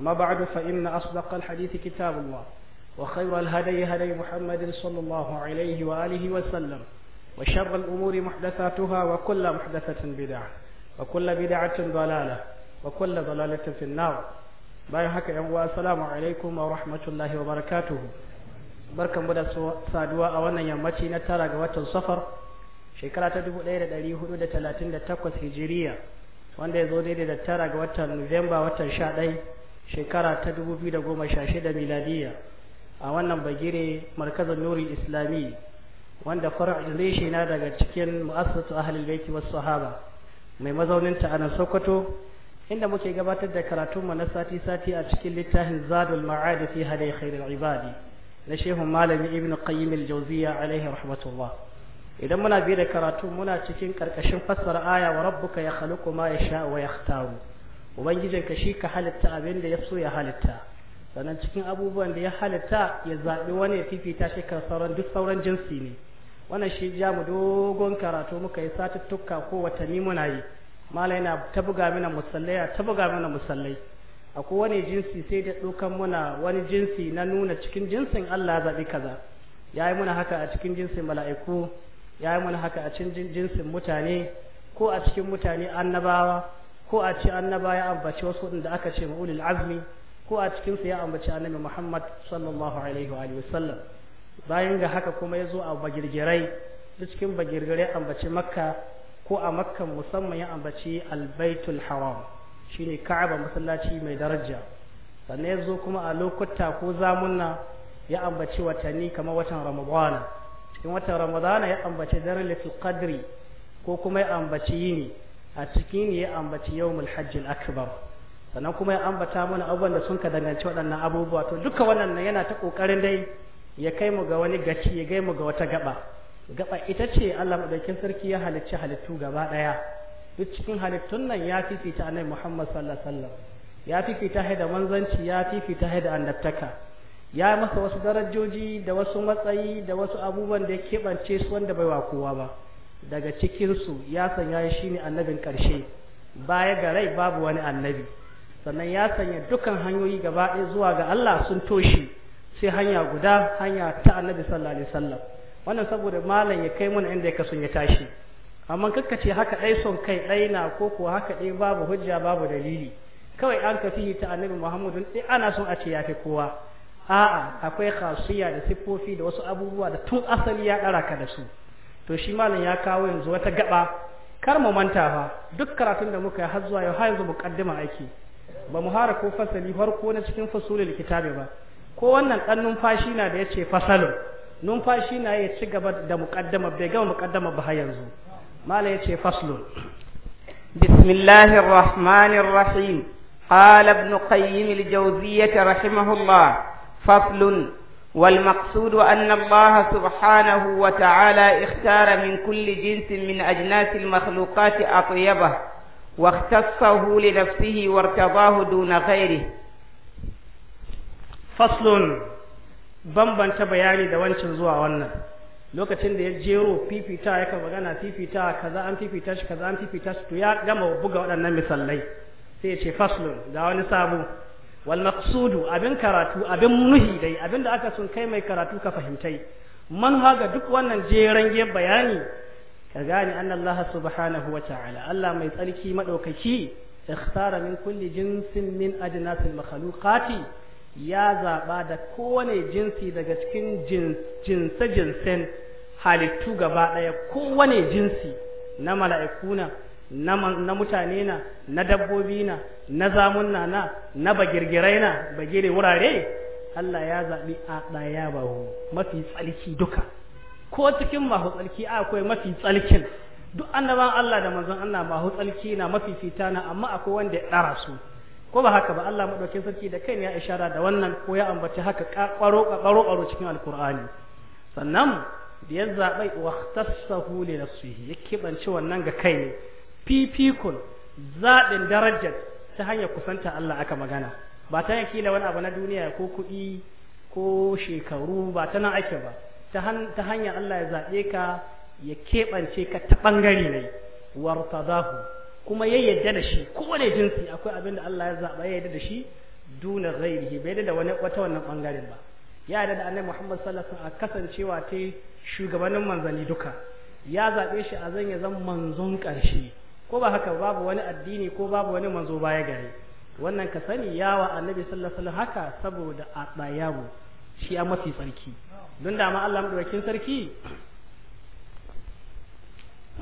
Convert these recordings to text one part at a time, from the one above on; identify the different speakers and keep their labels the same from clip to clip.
Speaker 1: ما بعد فإن أصدق الحديث كتاب الله وخير الهدي هدي محمد صلى الله عليه وآله وسلم وشر الأمور محدثاتها وكل محدثة بدعة وكل بدعة ضلالة وكل ضلالة في النار بارك الله السلام عليكم ورحمة الله وبركاته بارك الله سادوا أولا يمتي نتارا قوات الصفر شكرا تدبو ليرة دليه دودة تلاتين دتاكوس هجرية وانده زودة دتارا قوات نوفمبر وتنشاء ليه shekara ta 2016 miladiya a wannan bagire markazin nuri islami wanda fara'izai na daga cikin mu'assatu ahlul baiti wasu sahaba mai mazauninta a nan sokoto inda muke gabatar da karatunmu na sati sati a cikin littafin zadul ma'ad fi hadi khairul ibadi na shehun malami ibnu qayyim al-jawziyya alaihi rahmatullah idan muna bi da karatu muna cikin karkashin fassara aya wa rabbuka yakhluqu ma yasha wa yakhtaru ubangijin ka shi ka halitta abin da ya so ya halitta sannan cikin abubuwan da ya halitta ya zaɓi wani ya fifita shi kan sauran duk sauran jinsi ne wannan shi ja mu dogon karatu muka yi satuttuka ko watanni muna yi mala yana ta buga mana musallai ta buga mana musallai akwai wani jinsi sai da dukan muna wani jinsi na nuna cikin jinsin Allah zaɓi kaza ya yi muna haka a cikin jinsin mala'iku ya yi muna haka a cikin jinsin mutane ko a cikin mutane annabawa ko a ce annaba ya ambaci wasu da aka ce ma'ulil azmi ko a cikinsu ya ambaci annabi muhammad sallallahu alaihi wa sallam bayan ga haka kuma ya zo a bagirgirai da cikin bagirgirai ambaci makka ko a makka musamman ya ambaci albaitul haram shine ka'aba masallaci mai daraja sannan ya zo kuma a lokuta ko zamuna ya ambaci watanni kamar watan ramadana cikin watan ramadana ya ambaci daren qadri ko kuma ya ambaci yini a cikin ya ambaci yau hajjil akbar sannan kuma ya ambata mana abubuwan da sun ka danganci waɗannan abubuwa to duka wannan yana ta ƙoƙarin dai ya kai mu ga wani gaci ya kai mu ga wata gaba gaba ita ce Allah madaukin sarki ya halicci halittu gaba ɗaya duk cikin halittun nan ya fifita annabi Muhammad sallallahu alaihi wasallam ya fifita haida manzanci ya fifita haida annabtaka ya masa wasu darajoji da wasu matsayi da wasu abubuwan da ya keɓance su wanda bai wa kowa ba daga cikinsu ya sanya shi ne annabin ƙarshe baya ga rai babu wani annabi sannan ya sanya dukan hanyoyi gaba ɗaya zuwa ga Allah sun toshi sai hanya guda hanya ta annabi sallallahu alaihi wasallam wannan saboda malam ya kai mana inda ya son ya tashi amma kakkace haka ɗai son kai ɗai na ko kuwa haka ɗai babu hujja babu dalili kawai an ka fihi ta annabi muhammadun ɗai ana son a ce ya fi kowa a'a akwai khasiyya da siffofi da wasu abubuwa da tun asali ya ɗara ka da su to shi malam ya kawo yanzu wata gaba kar mu manta fa duk karatun da muka yi har zuwa yau har yanzu muqaddima ake ba mu hara ko fasali farko na cikin fasulul kitabi ba ko wannan dan numfashi na da yace fasalun numfashi na ya ci gaba da muqaddama bai gama muqaddama ba har yanzu malam
Speaker 2: yace faslun bismillahir rahmanir rahim قال ابن قيم الجوزية رحمه الله فصل والمقصود أن الله سبحانه وتعالى اختار من كل جنس من أجناس المخلوقات أطيبه واختصه لنفسه وارتضاه دون غيره فصل بمبان
Speaker 1: تبياني دوان شرزوا وانا لو كتن دي في في تا وغانا في في تا كذا أم في تاش كذا أم في تاش تياك جمع وبقى وانا نمي صلي سيشي فصل دواني سابو wal maqsudu abin karatu abin nuhi dai abin da aka sun kai mai karatu ka fahimtai man haga duk wannan jeran ge bayani ka gane annallaha subhanahu wa ta'ala Allah mai tsarki madaukaki ikhtara min kulli jinsin min ajnasil makhluqati ya zaba da kowane jinsi daga cikin jinsa jinsen halittu gaba daya kowane jinsi na mala'ikuna na mutane na na dabbobi na na zamun na na bagirgirai na bagire wurare Allah ya zaɓi a ɗaya ba mafi tsalki duka ko cikin mahu tsalki akwai mafi tsalkin duk annaban Allah da manzon Allah mahu tsalki na mafi fita na amma akwai wanda ya ɗara su ko ba haka ba Allah madaukin sarki da kai ya ishara da wannan ko ya ambaci haka ƙaro ƙaro cikin alkur'ani sannan da ya zaɓai wa tassahu li nafsihi ya kibanci wannan ga kai ne fifikun zaɓin darajar ta hanyar kusanta Allah aka magana ba ta kila wani abu na duniya ko kuɗi ko shekaru ba ta nan ake ba ta hanyar Allah ya zaɓe ka ya keɓance ka ta ɓangare ne warta ku. kuma ya yadda da shi ko kowane jinsi akwai abin da Allah ya zaɓa ya yadda da shi duna ghairihi bai yadda da wata wannan ɓangaren ba ya yadda da annabi Muhammad sallallahu alaihi wasallam a kasancewa ta shugabannin manzanni duka ya zaɓe shi a zan ya zan manzon ƙarshe ko ba haka babu wani addini ko babu wani manzo baya gare wannan ka sani yawa annabi sallallahu alaihi wasallam haka saboda a bayawo shi a mafi sarki
Speaker 2: don da ma Allah madaukakin sarki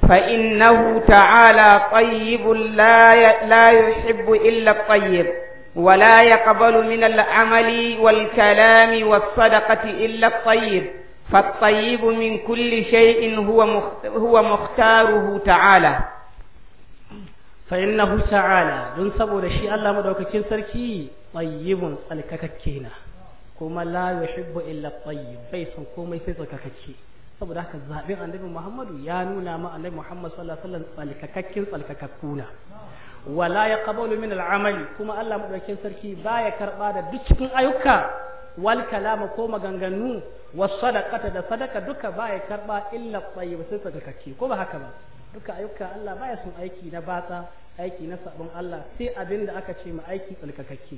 Speaker 2: fa innahu ta'ala la فإنه تعالى طيب لا لا يحب إلا الطيب ولا يقبل من العمل والكلام والصدقة إلا الطيب فالطيب من كل شيء هو هو مختاره تعالى fa huta ta'ala don saboda shi Allah madaukakin
Speaker 1: sarki tayyibun tsalkakakke na kuma la yuhibbu illa tayyib bai son komai sai tsalkakakke saboda haka zaɓin annabi Muhammadu ya nuna ma annabi Muhammad sallallahu alaihi wasallam tsalkakakkin tsalkakakkuna wala ya qabalu min al'amali kuma Allah madaukakin sarki baya karba da duk cikin ayyuka wal kalama ko maganganu was sadaqata da sadaka duka baya karba illa tayyib sai tsarkakakke ko ba haka ba duka ayyuka Allah baya son aiki na batsa aiki na sabon Allah sai abin da aka ce ma aiki tsalkakakke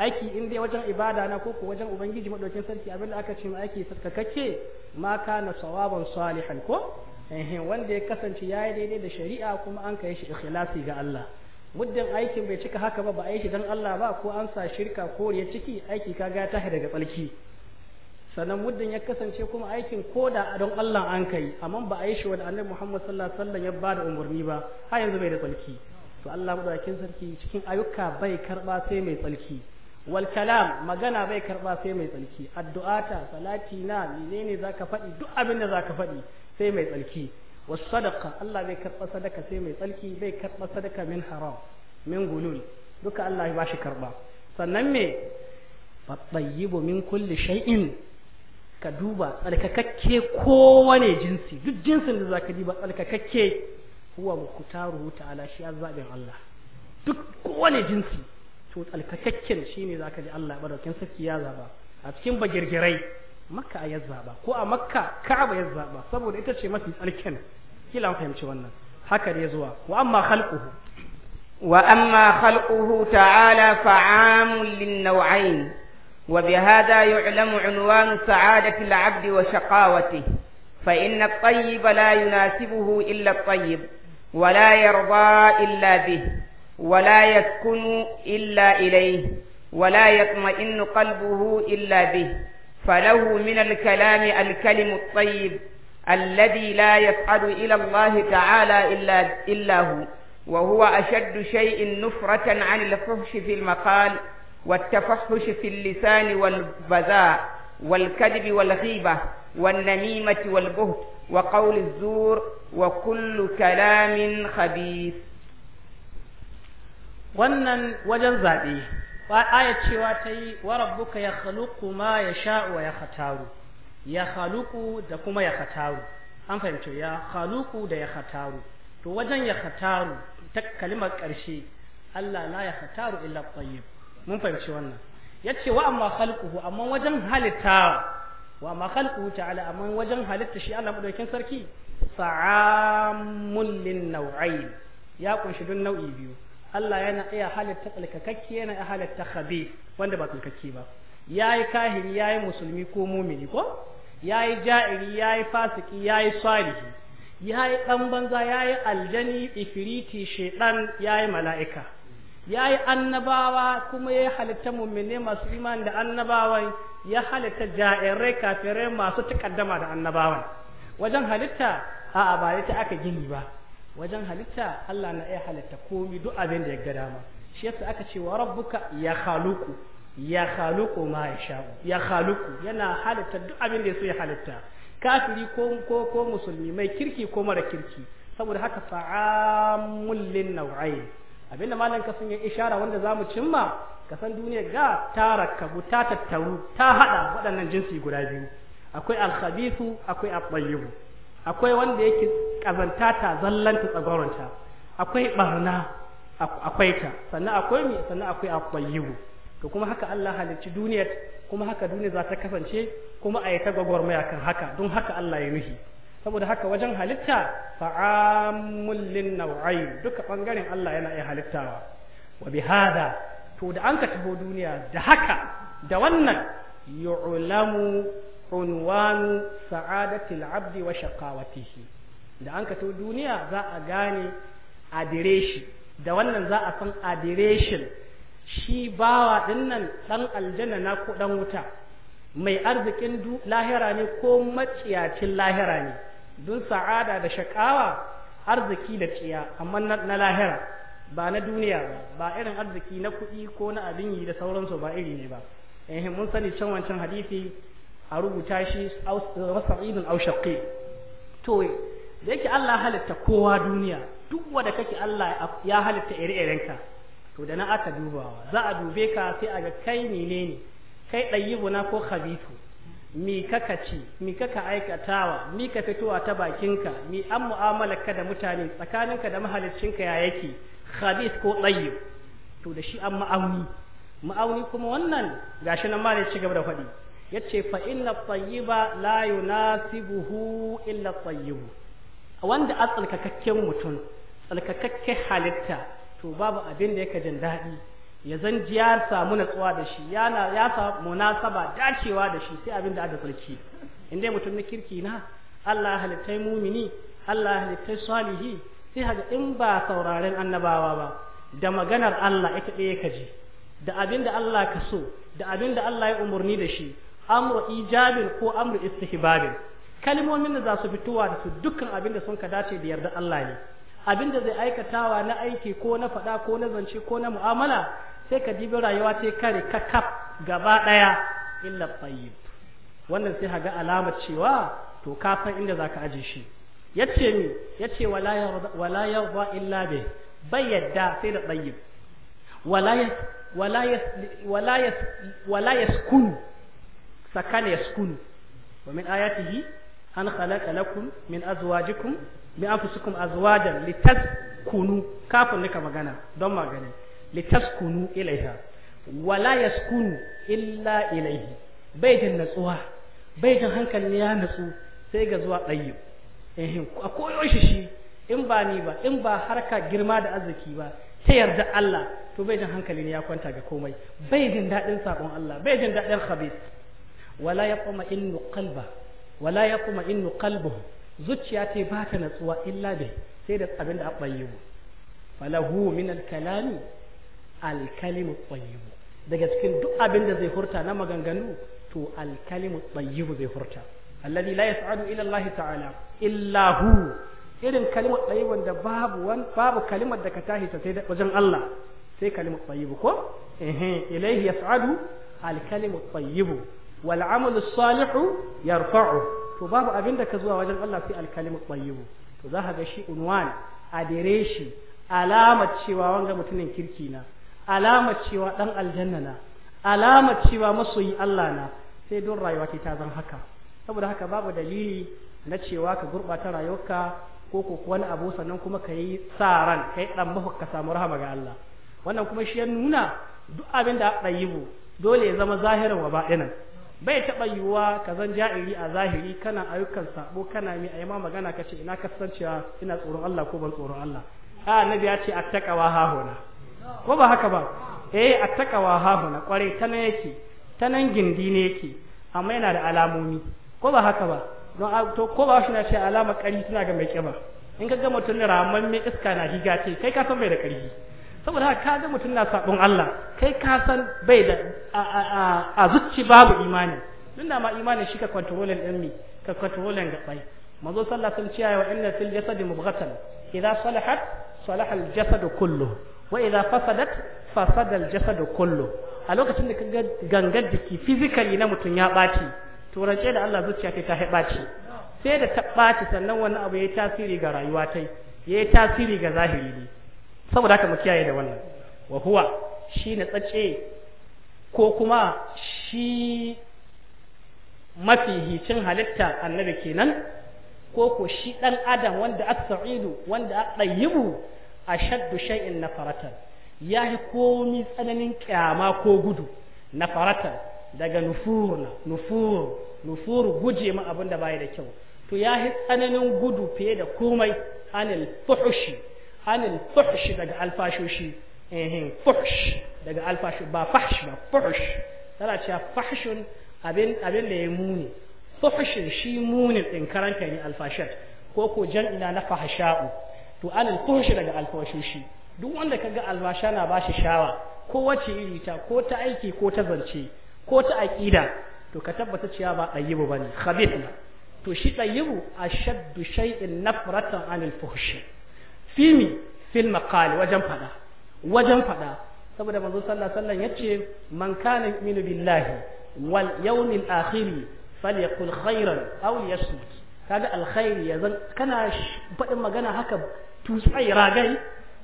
Speaker 1: aiki in dai wajen ibada na ko ko wajen ubangiji madaukin sarki abin da aka ce ma aiki tsalkakakke ma kana sawaban salihan ko eh wanda ya kasance yayi daidai da shari'a kuma an kai shi ikhlasi ga Allah muddin aikin bai cika haka ba ba a yi shi dan Allah ba ko an sa shirka ko ciki aiki kaga ta tahi daga tsalki sannan muddin ya kasance kuma aikin koda don Allah an kai amma ba a yi shi wanda annabi Muhammad sallallahu alaihi wasallam ya bada umarni ba har yanzu bai da tsalki to Allah madaukakin sarki cikin ayyuka bai karba sai mai tsalki wal kalam magana bai karba sai mai tsalki ta salati na menene zaka faɗi duk abin da zaka faɗi sai mai tsalki was sadaqa Allah bai karba sadaka sai mai tsalki bai karba sadaka min haram min gulul duka Allah ya bashi karba sannan me fatayyibu min kulli shay'in ka duba tsarkakakke kowane jinsi duk jinsin da zaka diba tsarkakakke huwa muktaruhu ta'ala shi azabin Allah duk kowane jinsi to tsarkakakken za zaka ji Allah madaukin sarki ya zaba a cikin bagirgirai makka a zaba ko a makka ka'aba ya zaba saboda ita ce mafi tsarkin kila an fahimci wannan
Speaker 2: haka ne zuwa wa amma khalquhu wa amma khalquhu ta'ala fa'amun lin naw'ain وبهذا يعلم عنوان سعادة العبد وشقاوته فإن الطيب لا يناسبه إلا الطيب ولا يرضى إلا به ولا يسكن إلا إليه ولا يطمئن قلبه إلا به فله من الكلام الكلم الطيب الذي لا يفعل إلى الله تعالى إلا, إلا هو وهو أشد شيء نفرة عن الفحش في المقال والتفحش في اللسان والبذاء والكذب والغيبة والنميمة والبهت وقول الزور وكل كلام خبيث wannan wajen zaɓe
Speaker 1: aya cewa ta yi wa rabbuka ya khaluqu ma ya sha wa ya khataru ya khaluqu da kuma ya an fahimci ya da ya to wajen ya ta kalimar ƙarshe Allah la ya khataru illa tayyib mun fahimci wannan yace wa amma khalquhu amma wajen halitta wa amma khalquhu ta'ala amma wajen halitta shi Allah madaukin sarki fa'amun lin naw'ain ya kunshi dun nau'i biyu Allah yana iya halitta tsalkakakke yana iya halitta khabith wanda ba tsalkakke ba yayi kahiri yayi musulmi ko mumini ko yayi ja'iri yayi fasiki yayi salihi yayi dan banza yayi aljani ifriti shedan yayi mala'ika ya yi annabawa kuma ya halitta mummine masu iman da annabawan ya halitta ja'irai kafirai masu takaddama da annabawan wajen halitta a ba ta aka gini ba wajen halitta Allah na iya halitta komi duk abin da ya ga dama shi yasa aka ce wa rabbuka ya khaluqu ya khaluqu ma yasha ya khaluqu yana halitta duk abin da yaso ya halitta kafiri ko ko ko musulmi mai kirki ko mara kirki saboda haka fa'amul lin naw'ain Abin da malam kasan ya ishara wanda zamu cimma kasan duniya ga rakabu ta tattaru ta hada waɗannan jinsi guda biyu akwai alkhabithu akwai at-tayyib akwai wanda yake kazanta ta zallanta tsagoranta akwai barna akwai ta sannan akwai mi sannan akwai at-tayyib to kuma haka Allah halicci duniyar kuma haka duniya za ta kasance kuma a yi ta gwagwarmaya kan haka don haka Allah ya nuhi saboda haka wajen halitta fa'amun lin duka ɓangaren Allah yana iya halittawa wa bi hada to da an ka taho duniya da haka da wannan yu'lamu unwanu sa'adatil abdi wa shaqawatihi da an ka taho duniya za a gane adireshi da wannan za a san adireshin shi bawa dinnan dan aljanna na ko dan wuta mai arzikin lahira ne ko maciyacin lahira ne Dun sa'ada da shakawa arziki da tsiya amma na lahira ba na duniya ba ba irin arziki na kuɗi ko na abin yi da sauransu ba iri ne ba eh mun sani can wancan hadisi a rubuta shi wasa'idun aw shaqi to da yake Allah halitta kowa duniya duk wanda kake Allah ya halitta ire ka to da na aka dubawa za a dube ka sai a ga kai menene kai dayyibuna ko khabithu mi kaka ci mi kaka aikatawa mi ka fitowa ta bakinka mi an ka da mutane tsakaninka da mahaliccinka ya yake khabith ko tsayi. to da shi an ma'auni ma'auni kuma wannan gashi nan malai ci gaba da faɗi yace fa inna tayyiba la yunasibuhu illa tayyib wanda a tsalkakakken mutum tsalkakakken halitta to babu abin da yake jin daɗi ya zan ji ya samu natsuwa da shi ya ya samu munasaba dacewa da shi sai abin da aka sarki in dai mutum na kirki na Allah halittai mumini Allah halittai salihi sai haka in ba sauraren annabawa ba da maganar Allah ita ɗaya ka ji da abin da Allah ka so da abin da Allah ya umarni da shi amru ijabin ko amru istihbabin kalmomin da za su fitowa da su dukkan abin da sun ka dace da yarda Allah ne abin da zai aikatawa na aiki ko na faɗa ko na zance ko na mu'amala sai ka dibi rayuwa ce kare kakaf gaba ɗaya illa tayyib wannan sai haga alamar cewa to ka san inda zaka aje shi yace ni yace wala yarda wala yarda illa bi bai yadda sai da tayyib wala yas wala yas wala yas wala yaskun sakana yaskun wa min ayatihi an khalaqa lakum min azwajikum bi anfusikum azwajan litaskunu kafin nika magana don magana litaskunu ilaiha wala yaskunu illa ilaihi bai jin natsuwa bai jin hankali ya natsu sai ga zuwa ɗayyo a koyo shi shi in ba ni ba in ba harka girma da arziki ba ta yarda Allah to bai jin hankali ne ya kwanta ga komai bai jin daɗin sabon Allah bai jin daɗin khabith wala yaqma innu qalba wala yaqma innu qalbuhu zuciya ta ba ta natsuwa illa bai sai da abin da abban yi falahu min al-kalami alkalimu tsayibu daga cikin duk abin da zai hurta na maganganu to alkalimu tsayibu zai hurta alladhi la yas'adu ila Allah ta'ala illa hu irin kalimar tsayibun da babu wan babu kalimar da ka tashi ta sai wajen Allah sai kalimar tsayibu ko eh ilayhi yas'adu alkalimu tsayibu wal amalu salihu yarfa'u to babu abin da ka zuwa wajen Allah sai alkalimu tsayibu to za ka ga shi unwan adireshi alamar cewa wanga mutumin kirki na Alamar cewa ɗan aljanna na alamar cewa masoyi Allah na sai don rayuwa ta zan haka saboda haka babu dalili na cewa ka gurɓata rayuwarka ko ko wani abu sannan kuma ka yi sa ran ka yi ɗan dan ka samu rahama ga Allah wannan kuma shi ya nuna duk abin da aka yi dole ya zama zahirin wa baɗinan bai taɓa yiwuwa ka zan ja'iri a zahiri kana ayyukan sabo kana mai a ma magana ka ce ina kasancewa ina tsoron Allah ko ban tsoron Allah a annabi ya ce a attaqawa ha hona ko ba haka ba eh attaqawa na kwarai ta nan yake ta nan gindi ne yake amma yana da alamomi ko ba haka ba don to ko ba shi na ce alama kari tana ga mai kiba in ka ga mutum ne mai iska na higa ce kai ka san bai da ƙarfi saboda haka ka ga mutum na sabon Allah kai ka san bai da a zuci babu imani duk da ma imanin shi ka kwantarolin din mi ka ga gaɓai manzo sallah sun ciyawa wa inna fil jasadi mubghatan idza salahat salaha al jasadu kulluhu wa idza fasadat fasada al-jasad kullu a lokacin da kaga gangar jiki physically na mutun ya baci to rance da Allah zuciya ta ta baci sai da ta baci sannan wani abu yayi tasiri ga rayuwa tai yayi tasiri ga zahiri ne saboda haka mu kiyaye da wannan wa huwa shine tsace ko kuma shi mafihicin halitta annabi kenan ko ko shi dan adam wanda aka saidu wanda a ashaddu shay'in nafaratan yahi komi tsananin kyama ko gudu nafaratan daga na nufur nufur guje ma abin da bai da kyau to yahi tsananin gudu fiye da komai anil fuhshi anil fuhshi daga alfashoshi eh fuhsh daga alfash ba fahsh ba fuhsh tana cewa fahshun abin abin da ya muni fuhshin shi muni din karanta ne alfashat ko ko jan jan'ina na fahsha'u to anil daga alfawashoshi duk wanda kaga albasha na bashi shawa ko wace iri ta ko ta aiki ko ta zance ko ta aqida to ka tabbata cewa ba a bane khabith ne to shi dayyibu ashaddu shay'in nafratan anil fuhshi fimi fil maqal wajen fada wajen fada saboda manzo sallallahu alaihi wasallam yace man kana yu'minu billahi wal yawmil akhir falyaqul khairan aw liyasmut kaga alkhairi yazan kana faɗin magana haka tutsai ragai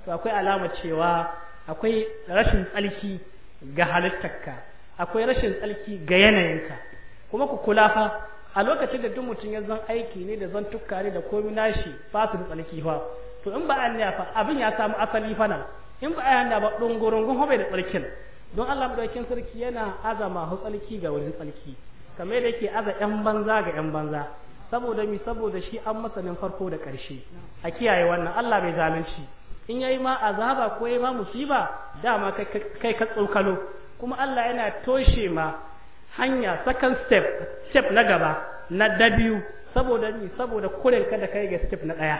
Speaker 1: to akwai alama cewa akwai rashin tsalki ga halittarka akwai rashin tsalki ga yanayinka kuma ku kula fa a lokacin da duk mutum ya zan aiki ne da zan tukkare da komi nashi ba su tsalki fa to in ba an ya fa abin ya samu asali fa nan, in ba an ya ba dungurungun hobe da tsalkin don Allah madaukin sarki yana azama hu tsalki ga wurin tsalki kamar da yake aza yan banza ga yan banza saboda mi saboda shi an masanin farko da ƙarshe a kiyaye wannan Allah bai zalunci in yayi ma azaba ko yayi ma musiba dama kai ka tsokalo kuma Allah yana toshe ma hanya second step step na gaba na dabiyu saboda mi saboda kuren ka da kai ga step na daya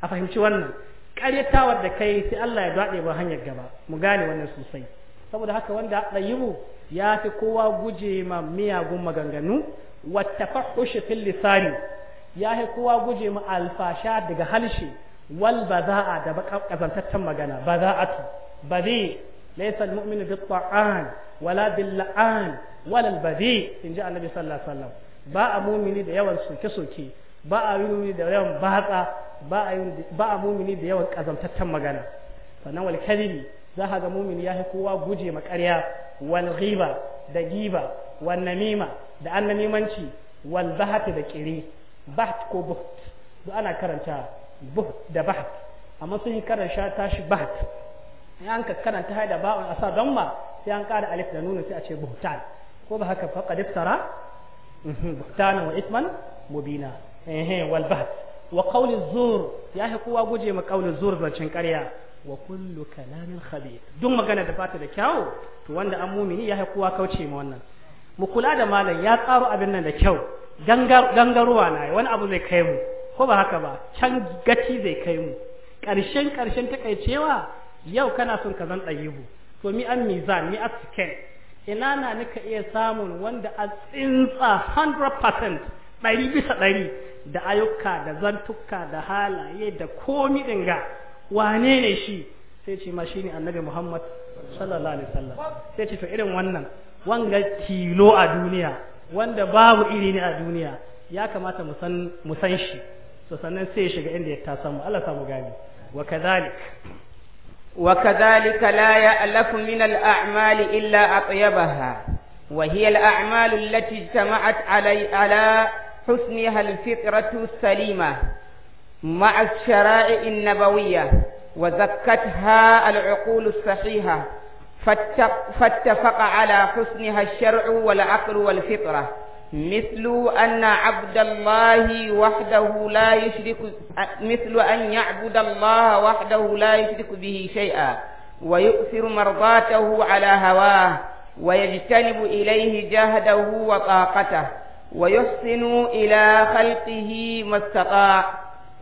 Speaker 1: a fahimci wannan karyatawar da kai sai Allah ya dade ba hanyar gaba mu gane wannan sosai saboda haka wanda mu. ya fi kowa guje ma miyagun maganganu wata fahushi fil lisani ya fi kowa guje ma alfasha daga halshe wal baza'a da kazantattan magana ba tu baza'atu bazi laysa al mu'minu bit ta'an wala bil la'an wala al bazi inji annabi sallallahu alaihi wasallam ba a mumini da yawan soke soke ba a mumini da yawan batsa ba a mumini da yawan kazantattan magana sannan wal kadhibi za ka ga mumini ya fi kowa guje ma ƙarya wal ghiba da giba wan namima da annamimanci wal bahat da kiri baht ko buht duk ana karanta buht da baht amma sun yi karanta tashi baht in an ka karanta haida ba'un asa don ma sai an ƙara alif da nuna sai a ce buhtan ko ba haka fa qad iftara mhm, buhtanan wa isman mubina eh wal baht wa qawli zur ya kowa guje ma qawli zur zancin karya. wa kullu kalamin khabith duk magana da fata da kyau to wanda an mumini ya kowa kauce ma wannan mu kula da malam ya tsaro abin nan da kyau gangaruwa na wani abu zai kai mu ko ba haka ba can gaci zai kai mu ƙarshen karshen takaicewa yau kana son ka zan ɗayibu to mi an mizan mi ina na nika iya samun wanda a tsintsa 100% ɗari bisa ɗari da ayyuka da zantuka da halaye da komi ɗin wane ne shi sai ce ma shine annabi Muhammad sallallahu alaihi wasallam sai ce to irin wannan wanga tilo a duniya wanda babu iri ne a duniya ya kamata mu san mu san shi to sannan sai shiga inda ya tasan mu Allah samu gani wa
Speaker 2: kadhalik wa kadhalika la ya'lafu min al-a'mali illa atyabaha wa hiya al-a'malu allati jama'at alai ala husniha al-fitratu salima مع الشرائع النبوية وزكتها العقول الصحيحة فاتفق على حسنها الشرع والعقل والفطرة مثل أن عبد الله وحده لا يشرك مثل أن يعبد الله وحده لا يشرك به شيئا ويؤثر مرضاته على هواه ويجتنب إليه جهده وطاقته ويحسن إلى خلقه ما استطاع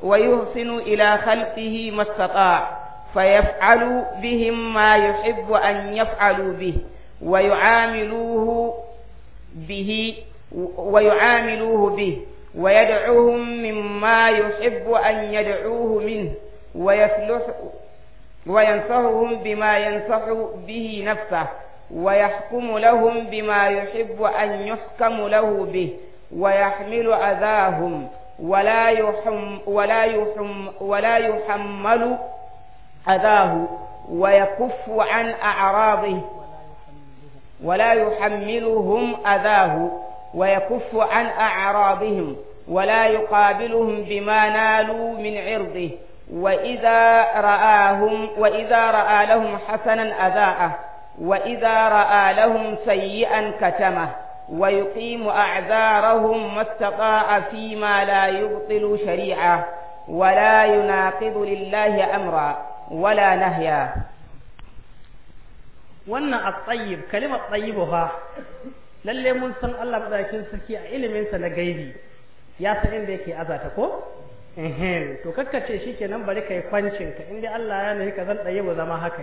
Speaker 2: ويحسن إلى خلقه ما استطاع فيفعل بهم ما يحب أن يفعلوا به ويعاملوه به ويعاملوه به ويدعوهم مما يحب أن يدعوه منه ويصلح وينصحهم بما ينصح به نفسه ويحكم لهم بما يحب أن يحكم له به ويحمل أذاهم ولا يحم ولا يحم ولا يحمل أذاه ويكف عن أعراضه ولا يحملهم أذاه ويكف عن أعراضهم ولا يقابلهم بما نالوا من عرضه وإذا رآهم وإذا رأى لهم حسنا أذاءه وإذا رأى لهم سيئا كتمه ويقيم أعذارهم ما استطاع فيما لا يبطل شريعة ولا يناقض لله أمرا ولا نهيا wannan at-tayyib kalimar
Speaker 1: tayyibu fa lalle mun san Allah madaukakin sarki a ilimin na gaibi ya san inda yake azata ko ehem to kakkace nan bari kai kwancin ka inda Allah ya nahi ka zan tayyibu zama haka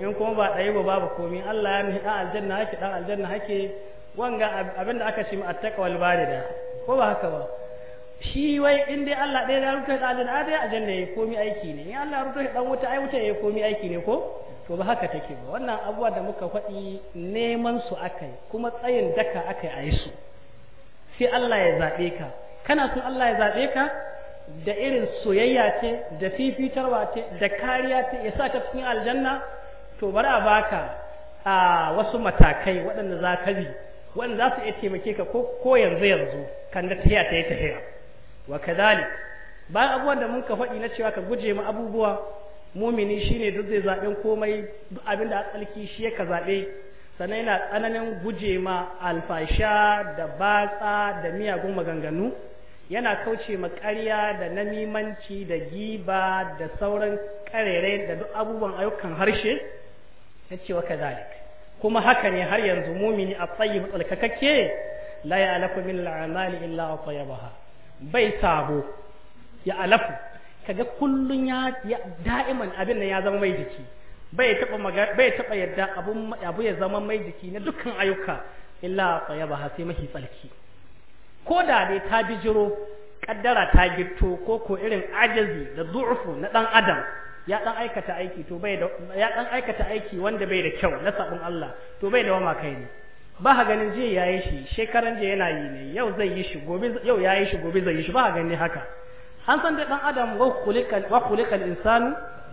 Speaker 1: in kuma ba tayyibu babu komai Allah ya nahi dan aljanna hake aljanna hake wanga abinda aka ce ma attaqwal barida ko ba haka ba shi wai in dai Allah ɗaya ya rubuta da aljanna dai aljanna yayi komi aiki ne in Allah rubuta dan wuta ai wuta yayi komi aiki ne ko to ba haka take ba wannan abubuwa da muka faɗi neman su akai kuma tsayin daka akai a yi su sai Allah ya zaɓe ka kana son Allah ya zaɓe ka da irin soyayya ce da fifitarwa ce da kariya ce ya sa cikin aljanna to bari a baka a wasu matakai waɗanda za ka bi wanda za su iya taimake ka ko yanzu yanzu kan da tahiya ta yi tahiya wa kadhalik bayan abubuwan da mun ka faɗi na cewa ka guje mu abubuwa mumini shine duk zai zaɓen komai duk abin da a tsarki shi ya ka zaɓe sannan yana tsananin guje ma alfasha da batsa da miyagun maganganu yana kauce ma ƙarya da namimanci da giba da sauran ƙarere da duk abubuwan ayyukan harshe ya ce wa kazalik kuma haka ne har yanzu mumini a tsayi tsalkakakke la ya alafu min al'amali illa wa baha. bai sabo ya alafu kaga kullun ya da'iman abin nan ya zama mai jiki bai taba bai taba yadda abun abu ya zama mai jiki na dukkan ayyuka illa baha sai mahi tsalki ko da dai ta bijiro kaddara ta gito ko ko irin ajazi da zu'ufu na ɗan adam ya dan aikata aiki to bai da ya dan aikata aiki wanda bai da kyau na sabon Allah to bai da wama kai ne ba ha ganin jiya yayi shi shekaran jiya yana yi ne yau zai yi shi gobe yau yayi shi gobe zai yi shi ba ha ganin haka an san da dan adam wa khuliqal wa khuliqal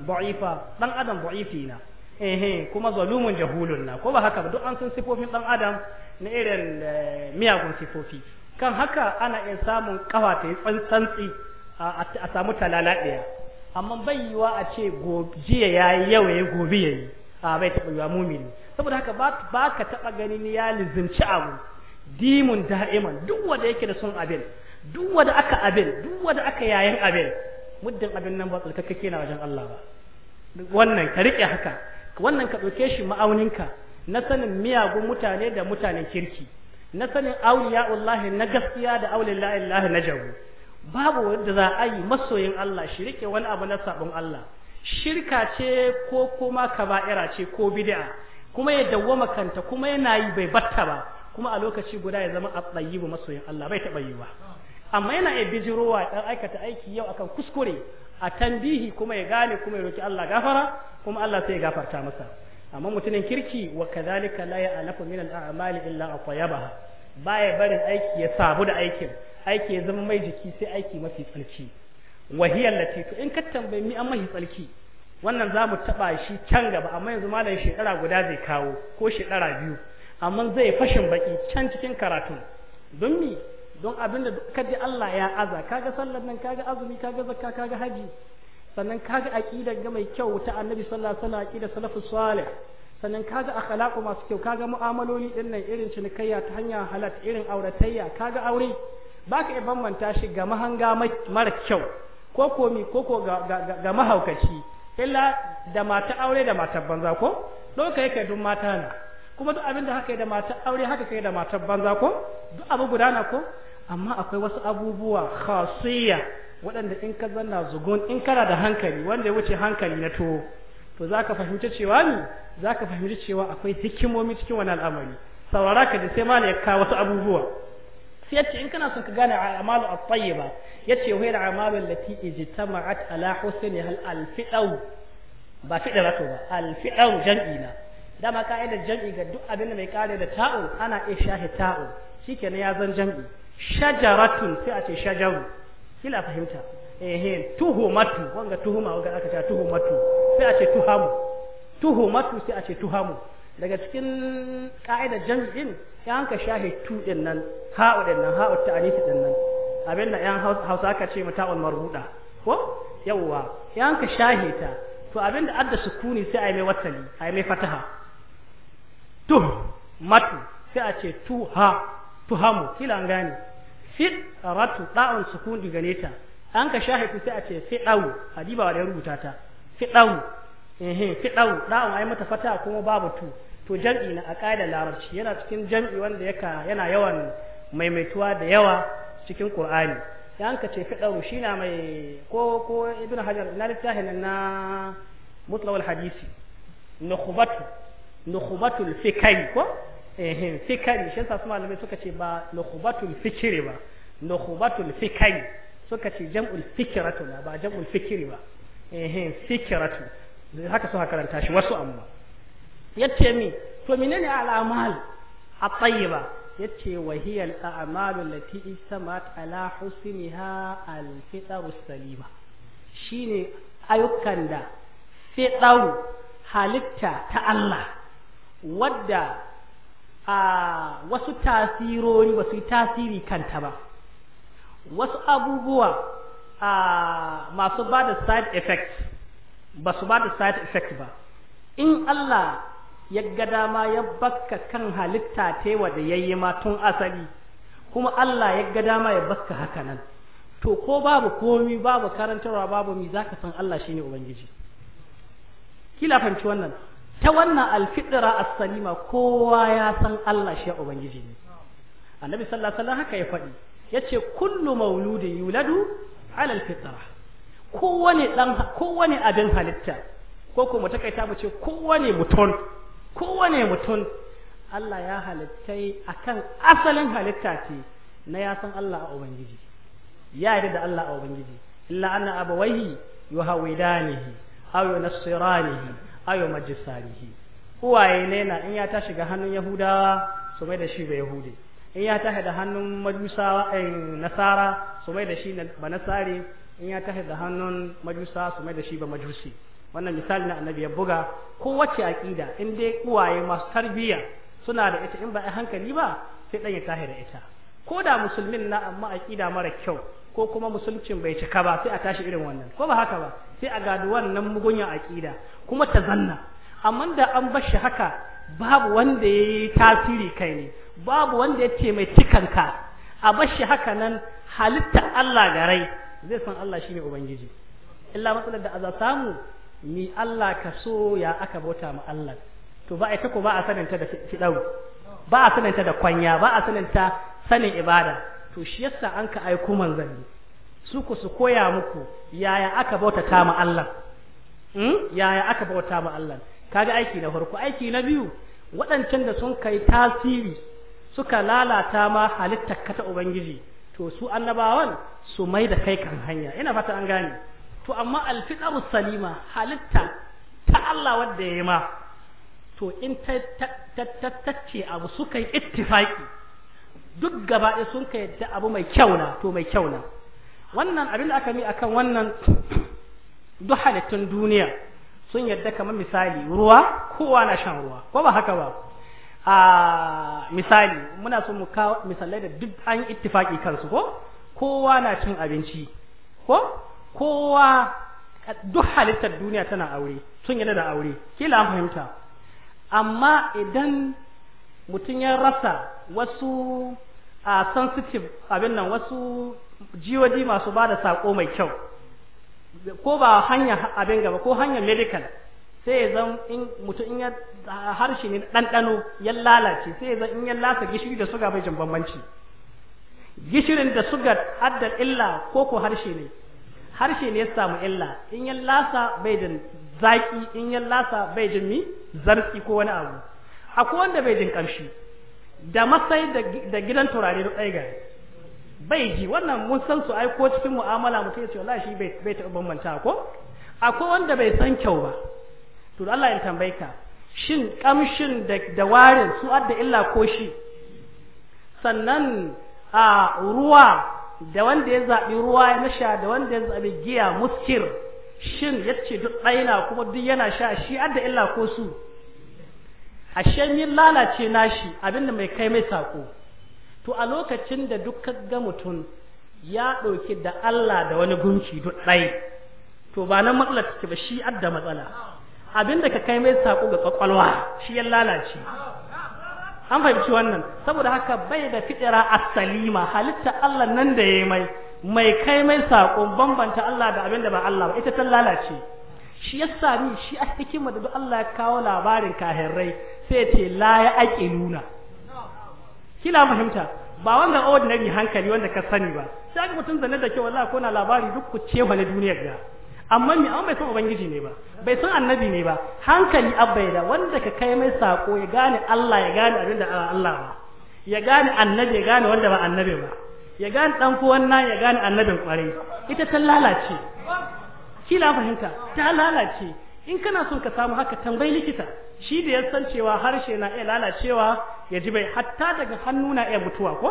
Speaker 1: da'ifa dan adam da'ifi na eh kuma zalumun jahulun na ko ba haka ba duk an san sifofin dan adam na irin eh, miyagun sifofi kan haka ana iya samun kafa ta yi tsantsi a samu talala ɗaya amma bai wa a ce jiya ya yi yau ya yi gobe ya yi a bai taɓa yi wa mumini saboda haka ba ka taɓa ganin ya lizinci abu dimun da'iman duk wanda yake da son abin duk wanda aka abin duk wanda aka yayin abin muddin abin nan ba tsalkakakke na wajen Allah ba
Speaker 3: wannan ka riƙe
Speaker 1: haka wannan ka ɗauke shi ma'auninka na sanin miyagun mutane da mutanen kirki na sanin auliya Allah na gaskiya da auliya Allah na jabu babu wanda za a yi masoyin Allah shi rike wani abu na sabon Allah shirka ce ko kuma kaba'ira ce ko bid'a kuma ya dawwama kanta kuma yana yi bai batta ba kuma a lokaci guda ya zama atsayibu masoyin Allah bai taba yi ba amma yana iya bijirowa dan aikata aiki yau akan kuskure a tambihi kuma ya gane kuma ya roki Allah gafara kuma Allah sai ya gafarta masa amma mutumin kirki wa kadhalika la ya'lafu min al-a'mali illa ba baya barin aiki ya sabu da aikin aiki ya zama mai jiki sai aiki mafi tsarki wahiyar lati to in ka tambayi mi an mafi tsarki wannan za mu taɓa shi can gaba amma yanzu malam shekara guda zai kawo ko shekara biyu amma zai fashin baki can cikin karatun don mi don abinda ji Allah ya aza kaga sallar nan kaga azumi kaga zakka kaga haji sannan kaga aqidar ga mai kyau ta annabi sallallahu alaihi wasallam aqidar salafu salih sannan kaga akhlaqu masu kyau kaga mu'amaloli din irin cinikayya ta hanya halat irin auratayya kaga aure Ba ka iya bambanta shi ga mahanga mara kyau ko komi ko ko ga mahaukaci illa da mata aure da mata banza ko don yi ka duk mata na kuma duk abin da haka da mata aure haka ka yi da mata banza ko duk abu gudana ko amma akwai wasu abubuwa khasiyya waɗanda in ka zanna zugun in kana da hankali wanda ya wuce hankali na to to ka fahimci cewa ni ka fahimci cewa akwai hikimomi cikin wani al'amari saurara ka da sai ma ya kawo wasu abubuwa sai yace in kana son ka gane a'malu at-tayyiba yace wa hiya a'malu allati ijtama'at ala husni hal al-fi'u ba fi'latu ba al-fi'u jam'i na dama ka'idar jam'i ga duk abin da mai kare da ta'u ana ishahi ta'u shikenan ya zan jam'i shajaratun sai a ce shajaru kila fahimta ehe tuhumatu wanga tuhuma wanga aka ce tuhumatu sai a ce tuhamu tuhumatu sai a ce tuhamu daga cikin ka'idar jam'in ya ka shahe tu din nan ha'u din nan ha'u ta'anisi din nan abin da yan hausa aka ce mata'ul marbuda ko yawwa ya ka shahe ta to abin da adda sukuni sai ai mai a ai mai fataha tu matu sai a ce tu ha tuhamu kila an gane fit ratu da'un sukuni gane ta an ka tu sai a ce fi'au hadiba wa da rubuta ta fi'au ehe fi dau dau ai mata fata kuma babu tu to jam'i na aqaida larabci yana cikin jam'i wanda yaka yana yawan maimaituwa da yawa cikin qur'ani dan ka ce fi dau shi na mai ko ko ibn hajar na littafin na al hadisi nukhbatu nukhbatul fikri ko ehe fikri shi yasa malamai suka ce ba nukhbatul fikri ba nukhbatul fikri suka ce jam'ul fikratu ba jam'ul fikri ba ehe fikratu haka suka karanta shi wasu amma yace mi to menene al'amal at-tayyiba yace wa hiya al-a'mal allati istamat ala husniha al-fitr as-salima shine ayyukan da fitr halitta ta Allah wadda a wasu tasirori ba su yi tasiri kanta ba wasu abubuwa a masu ba da side effects ba su ba da side effect ba in Allah ya ga dama ya bakka kan halitta wa da yayi ma tun asali kuma Allah ya ga dama ya baka haka nan to ko babu komi babu karantarwa babu mi zaka san Allah shine ubangiji kila fanci wannan ta wannan alfitra as-salima kowa ya san Allah shi ubangiji ne annabi sallallahu alaihi wasallam haka ya faɗi yace kullu mauludin yuladu ala alfitra kowane dan kowane abin halitta ko ko takaita mu ce kowane mutum kowane mutum Allah ya halittai akan asalin halitta ce na ya san Allah a ubangiji ya yarda da Allah a ubangiji illa anna abawaihi yuhawidanihi aw yunassiranihi aw majsarihi uwaye ne na in ya tashi shiga hannun yahudawa su mai da shi ga yahudi in ya tashi da hannun majusawa eh, nasara su mai da shi ba nasare in ya tafi da hannun majusa su mai da shi ba majusi wannan misali na annabi ya buga ko kowace aƙida in dai uwaye masu tarbiyya suna da ita in ba a hankali ba sai dan ya tahi da ita ko da musulmin na amma aƙida mara kyau ko kuma musulcin bai cika ba sai a tashi irin wannan ko ba haka ba sai a gadi wannan mugunya aqida kuma ta zanna amma da an bar shi haka babu wanda ya yi tasiri kai ne babu wanda ya ce mai tikanka a bar shi haka nan halitta Allah rai. zai san Allah shi ne ubangiji illa matsalar da aza samu ni Allah ka so ya aka bauta mu Allah to ba a ita ko ba a sananta da fidaru ba a sananta da kwanya ba a sananta sanin ibada to shi yasa an ka aiko manzanni su ku su koya muku yaya aka ta mu Allah hmm? yaya aka bauta mu Allah kaga aiki na farko aiki na biyu waɗancan da sun kai tasiri suka lalata ma halittar kata ubangiji to su annabawan
Speaker 3: su mai da kai kan hanya ina
Speaker 1: fata an gane to amma alfitaru salima halitta ta Allah wadda ya yi ma to in tattace abu suka yi ittifaki duk gaba ɗaya sun ka yadda abu mai kyau na to mai na. wannan abin da aka mi akan wannan duk halittun duniya sun yadda kamar misali ruwa kowa na shan ruwa ko ba haka ba a misali muna so mu kawo misalai da duk an ittifaki kansu ko kowa na cin abinci ko kowa duk halittar duniya tana aure sun yana da aure kila an fahimta amma idan mutum ya rasa wasu a sensitive abin nan wasu jiwaji masu ba da sako mai kyau ko ba hanya abin gaba ko hanyar medical sai ya zan in mutum in ya harshe ne ɗanɗano ya lalace sai ya zan in ya lasa gishiri da suga bai jin bambanci gishirin da suga addal illa ko ko harshe ne harshe ne ya samu illa in ya lasa bai jin zaki in ya lasa bai jin mi zartsi ko wani abu akwai wanda bai jin kamshi da masai da gidan turare da ɗaya gari bai ji wannan mun san su ai ko cikin mu'amala mutum ya ce wallahi shi bai taɓa bambanta ko akwai wanda bai san kyau ba to Allah ya tambaye ka shin kamshin da da warin su adda illa ko shi sannan a ruwa da wanda ya zaɓi ruwa ya sha da wanda ya zabi giya muskir shin yace duk ɗaina kuma duk yana sha shi adda illa ko su ashe min lalace nashi abinda mai kai mai sako to a lokacin da duk ga mutum ya ɗauki da Allah da wani gunki duk ɗai to ba nan matsalar take ba shi adda matsala Abin da ka kai mai sako ga kwakwalwa shi ya lalace an fahimci wannan saboda haka bai da fitira asalima salima halitta Allah nan da yayi mai mai kai mai sako bambanta Allah da abinda ba Allah ba ita ta lalace shi ya sami shi a hikima da Allah ya kawo labarin kahirrai sai ya ce la ya nuna kila fahimta ba wanda ordinary hankali wanda ka sani ba sai ga mutum zanne da ke wallahi ko na labari duk ku ce na duniyar ga amma mai amma bai ubangiji ne ba bai san annabi ne ba hankali abbai wanda ka kai mai sako ya gane Allah ya gane abin da Allah ba ya gane annabi ya gane wanda ba annabi ba ya gane dan kuwan nan ya gane annabin kwarai ita ta lalace la fahimta ta lalace in kana son ka samu haka tambayi likita shi da ya san cewa harshe na iya lalacewa ya ji bai hatta daga hannu na iya mutuwa ko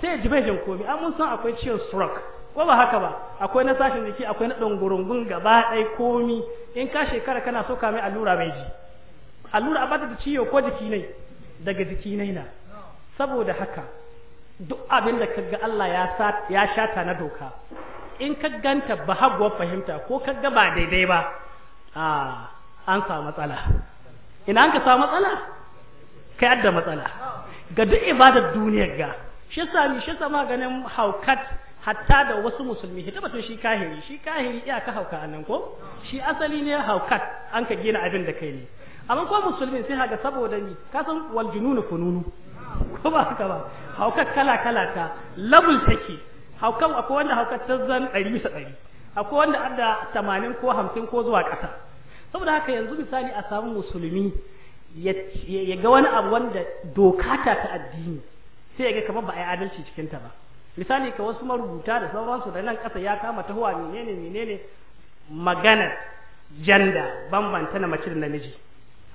Speaker 1: sai ya ji bai jin komai amma mun san akwai ciwon stroke ko ba haka ba akwai na sashin jiki akwai na dungurungun gaba ɗaya komi in ka shekara kana so ka mai allura mai ji allura a bata da ciwo ko jiki ne daga jiki ne na saboda haka duk abin da kaga Allah ya ya shata na doka in ka ganta ba haguwar fahimta ko ka ga ba daidai ba a an samu matsala ina an ka samu matsala kai adda matsala ga duk ibadar duniyar ga shi yasa shi yasa maganin haukat hatta da wasu musulmi hita batun shi kahiri shi kahiri iya ka hauka anan ko shi asali ne haukat an ka gina abin da kai ne amma ko musulmi sai haka saboda ni ka san wal jununu fununu ko ba haka ba haukat kala kala ta level take haukan akwai wanda haukat ta zan 100 bisa 100 akwai wanda adda tamanin ko hamsin ko zuwa ƙasa saboda haka yanzu misali a samu musulmi ya ga wani abu wanda doka ta addini sai ya ga kamar ba a yi adalci cikinta ba misali ka wasu marubuta da sauransu da nan ƙasa ya kama tahowa menene menene magana janda bambanta na mace da namiji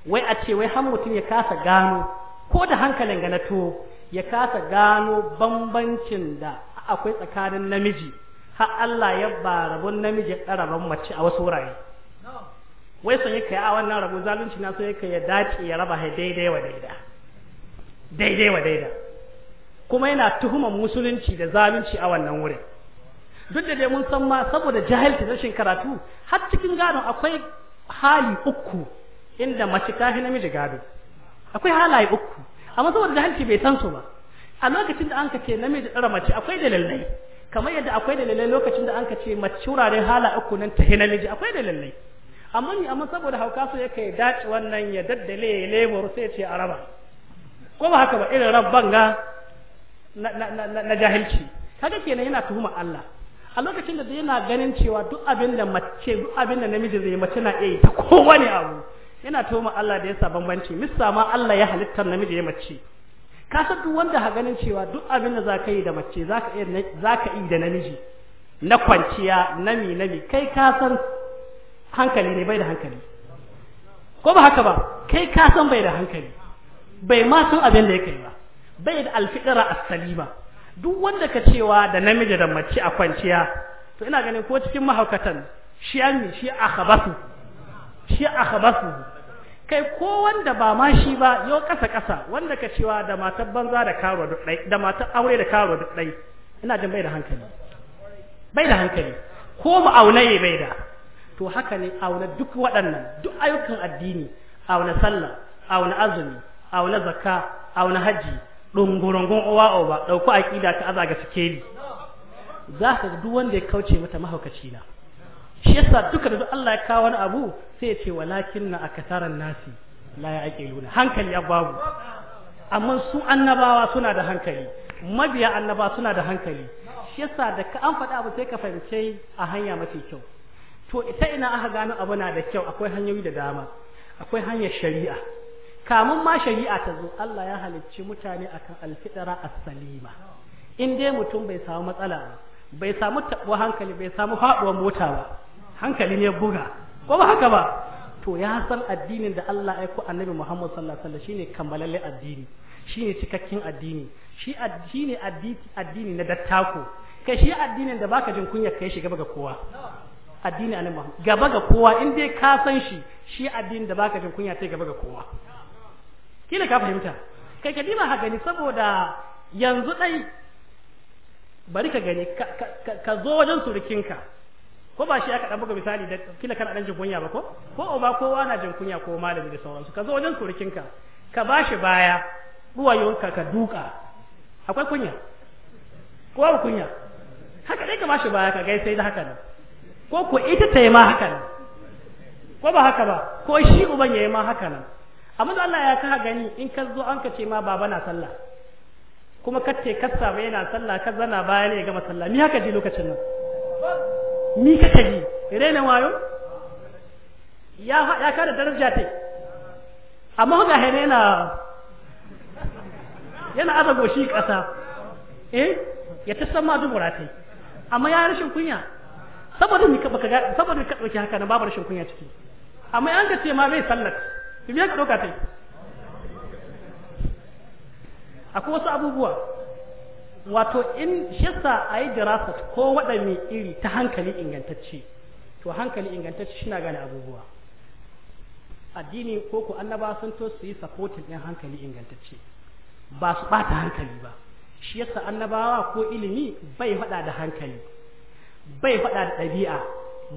Speaker 1: wai a ce wai har mutum ya kasa gano ko da hankalin ga na tuwo ya kasa gano bambancin da akwai tsakanin namiji har Allah ya ba rabon namiji rabon mace a wasu wurare wai son yake a wannan rabo zalunci na so yake ya dace ya raba daidai wa daida daidai wa daida kuma yana tuhumar musulunci da zalunci a wannan wurin duk da dai mun san ma saboda jahilci rashin karatu har cikin gado akwai hali uku inda mace ta fi namiji gado akwai halaye uku amma saboda jahilci bai san su ba a lokacin da an ka ce namiji tsara mace akwai dalilai kamar yadda akwai dalilai lokacin da an ka ce mace wuraren hala uku nan ta namiji akwai dalilai amma ni amma saboda hauka so yake dace wannan ya daddale lebur sai ya ce araba ko ba haka ba irin rabban ga na jahilci kaga kenan yana tuhuma Allah a lokacin da yana ganin cewa duk abin da mace duk abin da namiji zai mace na iya ta kowane abu yana tuhuma Allah da yasa bambanci misa ma Allah ya halittar namiji ya mace ka san duk wanda ha ganin cewa duk abin da zaka yi da mace zaka yi zaka yi da namiji na kwanciya nami nami kai ka san hankali ne bai da hankali ko ba haka ba kai ka san bai da hankali bai ma san abin da yake ba bai da alfidara as-salima duk wanda ka cewa da namiji da mace a kwanciya to ina ganin ko cikin mahaukatan shi an shi akhbasu shi akhbasu kai ko wanda ba ma shi ba yau kasa kasa wanda ka cewa da matar banza da karo duk dai da matar aure da karo duk dai ina jin bai da hankali bai da hankali ko mu aunaye bai da to haka ne auna duk waɗannan duk ayyukan addini auna sallah auna azumi auna zakka auna hajji. dungurungun uwa uba dauko aqida ta azaga sikeli za ka duk wanda ya kauce mata mahaukaci na shi yasa duka da duk Allah ya kawo wani abu sai ya ce walakinna akatharan nasi la yaqiluna hankali ya babu amma su annabawa suna da hankali mabiya annaba suna da hankali shi yasa da ka an faɗa abu sai ka fahimce a hanya mafi kyau to ita ina aka gano abu na da kyau akwai hanyoyi da dama akwai hanyar shari'a kamun ma shari'a ta zo Allah ya halicci mutane akan alfidara as-salima in dai mutum bai samu matsala bai samu tabuwa hankali bai samu faduwar mota ba hankali ne buga ko ba haka ba to ya san addinin da Allah ya aiko annabi Muhammad sallallahu alaihi wasallam shine kammalalle addini shine cikakken addini shi addini addini na dattako kai shi addinin da baka jin kunya kai shiga ga kowa addini annabi Muhammad gaba ga kowa in dai ka san shi shi addinin da baka jin kunya sai gaba ga kowa kila ka fahimta kai ka dima haka gani saboda yanzu dai bari ka gani ka zo wajen surukinka ko ba shi aka dan buga misali da kila kana dan jin ba ko ko uba kowa na jinkunya ko malami da sauransu ka zo wajen surukinka ka bashi baya ruwayonka ka duka akwai kunya ko ba kunya haka dai ka bashi baya ka gaisai da haka ne ko ko ita ta yi ma haka ne ko ba haka ba ko shi uban ya yi ma haka nan amma da Allah ya ka gani in ka zo an ka ce ma baba na sallah kuma ka ce kassa ba yana sallah ka zana baya ne ga masalla ni haka ji lokacin nan ni ka ji rena wayo ya ya ka da daraja te amma ga hene na
Speaker 3: yana aza goshi kasa
Speaker 1: eh ya ta san ma dubura tai amma ya rashin kunya saboda ni ka baka saboda ka dauki haka na babu rashin kunya ciki amma an ka ce ma bai sallah to me ka doka tai akwai wasu abubuwa wato in shessa a yi dirasa ko waɗanne iri ta hankali ingantacce to hankali ingantacce shi na gane abubuwa addini ko ku annaba sun to su yi supporting ɗin hankali ingantacce ba su ɓata hankali ba shi yasa annabawa ko ilimi bai faɗa da hankali bai faɗa da ɗabi'a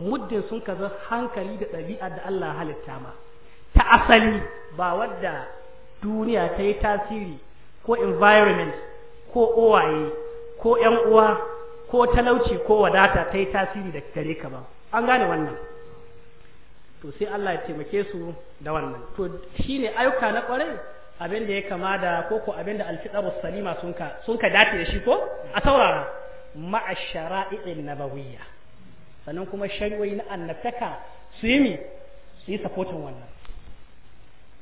Speaker 1: muddin sun kaza hankali da ɗabi'a da Allah halitta ma ta asali ba wadda duniya ta yi tasiri ko environment ko owaye ko yan uwa ko talauci ko wadata ta yi tasiri da gare ka ba an gane wannan to sai Allah ya taimake su da wannan to shine ayyuka na kwarai abin da ya kama da ko abin da alfitaru salima sun ka sun dace da shi ko a saurara ma'a na nabawiyya sannan kuma shari'o'i na annabtaka su yi mi su yi sapotin wannan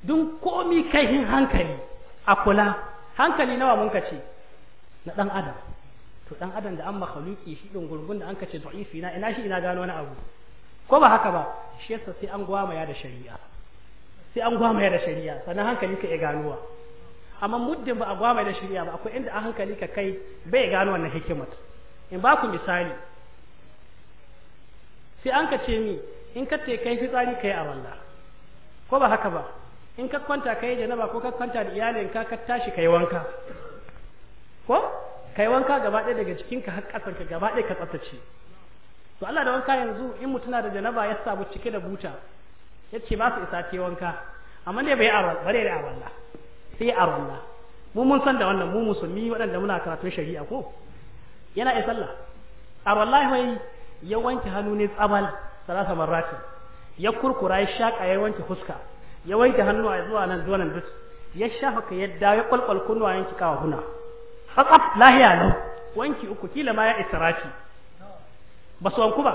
Speaker 1: dun komi kaihin hankali a kula hankali nawa mun kace na dan adam to dan adam da an makhluki shi ɗin gurgun da an kace da'ifi na ina shi ina gano wani abu ko ba haka ba shi yasa sai an gwamaya da shari'a sai an gwamaya da shari'a sannan hankali ka iya ganowa amma muddin ba a gwamaya da shari'a ba akwai inda a hankali ka kai bai gano wannan hikimar in ba ku misali sai an ka ce mi in ka te kai fitsari kai a wallah ko ba haka ba in ka kwanta kai janaba ko ka kwanta da iyalinka ka tashi kai wanka ko kai wanka gaba ɗaya daga jikinka har ƙasar ka gaba ɗaya ka tsaftace to Allah da wanka yanzu in mutuna da janaba ya samu cike da buta yace ba su isa ke wanka amma dai bai arwal bare da arwalla sai arwalla mu mun san da wannan mu musulmi waɗanda muna karatun shari'a ko yana isa sallah wallahi wai ya wanke hannu ne tsabal salasa marrati ya kurkura ya shaka ya wanke fuska ya wanke hannuwa zuwa nan zuwa nan duk ya shafa ka yadda ya kwalkwal kunnuwayen yanki kawa huna fatsaf lahiya ne wanki uku kila ma ya isa israfi ba su wanku ba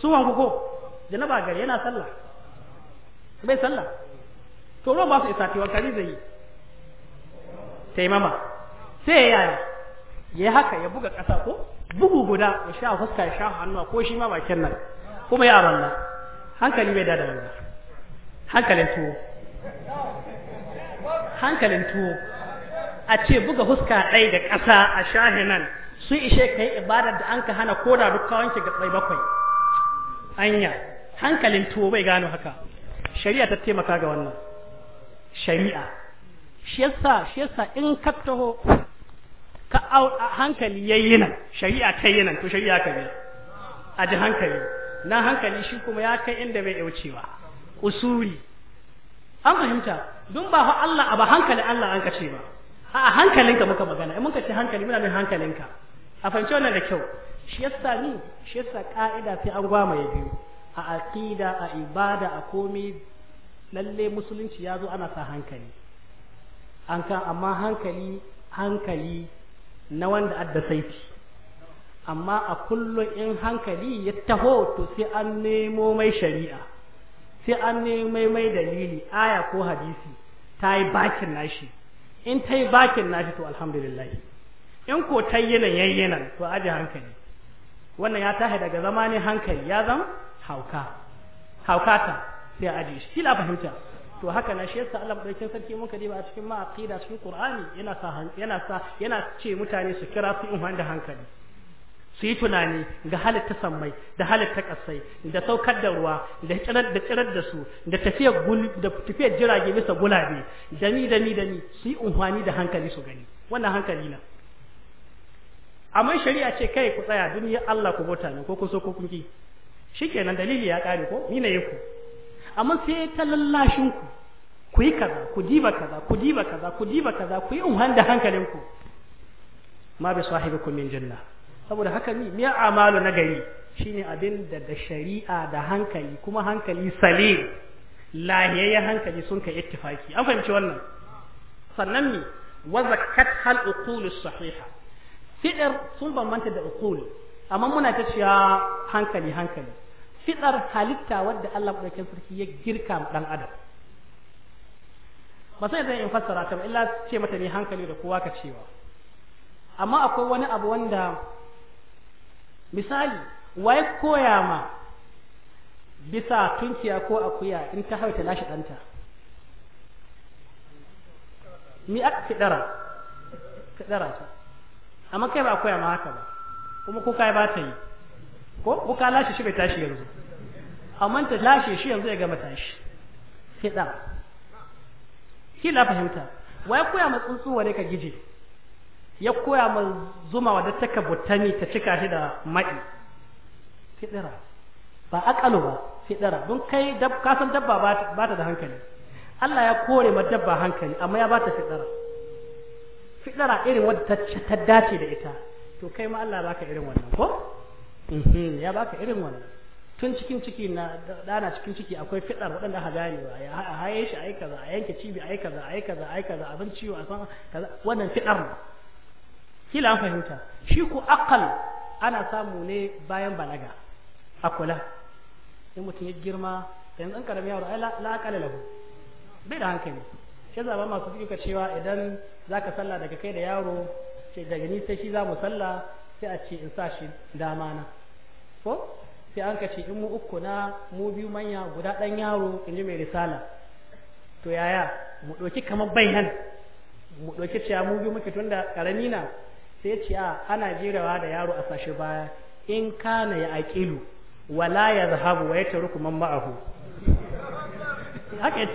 Speaker 1: su wanku ko janaba gari yana sallah bai sallah to ruwan ba su isa israfi wankari zai yi taimama sai ya ya yi haka ya buga ƙasa ko bugu guda ya sha fuska ya sha hannuwa ko shi ma bakin nan kuma ya aranna hankali bai da da hankalin tuwo
Speaker 3: hankalin tuwo a ce buga huska ɗai da ƙasa
Speaker 1: a nan sun ishe ka yi ibadar da an ka hana ko da duk ga tsaye bakwai anya hankalin tuwo bai gano haka shari'a ta taimaka ga wannan shari'a shi yasa shi yasa in ka taho ka hankali yi nan shari'a ta yi nan to shari'a ka bi a ji hankali na hankali shi kuma ya kai inda bai yaucewa usuli an fahimta don ba fa Allah a ba hankalin Allah an kace ba a hankalinka muka magana in muka ce hankali muna nan hankalinka a fahimci wannan da kyau shi yasa ni shi yasa ka'ida sai an gwama ya biyu a aqida a ibada a komai lalle musulunci ya zo ana sa hankali an kan amma hankali hankali na wanda adda saiti amma a kullum in hankali ya taho to sai an nemo mai shari'a sai an mai mai dalili aya ko hadisi ta yi bakin nashi in ta yi bakin nashi to alhamdulillah in ko ta yi nan yayi nan to aje hankali wannan ya tahi daga zama hankali ya zama hauka haukata sai aje shi kila fahimta to haka na shi yasa Allah madaukakin sarki muka kadi ba a cikin ma aqida cikin Qur'ani yana sa yana sa yana ce mutane su kira su in da hankali su yi tunani ga halitta sammai da halitta ƙasai da saukar da ruwa da tsirar da su da tafiyar jirage bisa gulabe da ni da ni da ni su yi umfani da hankali su gani wannan hankali na amma shari'a ce kai ku tsaya duniya Allah ku bota ne ko ku so ko kun ki shikenan dalili ya kare ko ni ne ku amma sai ta lallashin ku ku yi kaza ku diba kaza ku diba kaza ku diba kaza ku yi unhan da hankalinku ma bi sahibikum min jannah saboda haka ni miya amalu na gari shine abin da da shari'a da hankali kuma hankali salim lahiyayyen hankali sun kai ittifaki an fahimci wannan sannan mi wa zakkat hal uqul sahiha fidar sun bambanta da uqul amma muna ta cewa hankali hankali fidar halitta wadda Allah madaukakin sarki ya girka dan adam ba sai zan in fassara ta ba illa ce mata ne hankali da kowa ka cewa amma akwai wani abu wanda misali waye koya ma bisa tunkiya ko akuya in ta hauta lashe ɗanta ni a kidara kidara ta amma kai ba koya ma haka ba kuma ko kai ba ta yi ko ko ka lashe shi bai tashi yanzu amma ta lashe shi yanzu ya gama tashi kidara kila fahimta waye koya ma wa ne ka gije ya koya ma zuma wadda ta ka botami ta cika shi da maɗi fiɗira ba akalu ba fiɗira don kai kasan ka san dabba ba ta da hankali Allah ya kore ma dabba hankali amma ya ba ta fiɗira fiɗira irin wadda ta ta dace da ita to kai ma Allah baka irin wannan ko mhm, ya baka irin wannan tun cikin ciki na dana cikin ciki akwai fidar waɗanda aka gane ba ya haye shi ayi kaza a yanke cibi yi kaza yi kaza yi kaza abin ciwo a san kaza wannan fidar kila an fahimta shi ku akal ana samu ne bayan balaga a kula in mutum ya girma yanzu an karami yaro ai la akala lahu bai da hankali sai zaba masu suka cewa idan zaka salla daga kai da yaro sai daga ni sai shi za mu salla sai a ce in sa shi dama na ko sai an kace in mu uku na mu biyu manya guda ɗan yaro in ji mai risala to yaya mu ɗauki kamar bayan mu ɗauki cewa mu biyu muke tunda ƙarami na sai ce a ah, ana jirawa da yaro a sashi baya in kana ya aƙilu wala ya zahabu wa ya taru kuma ma'ahu haka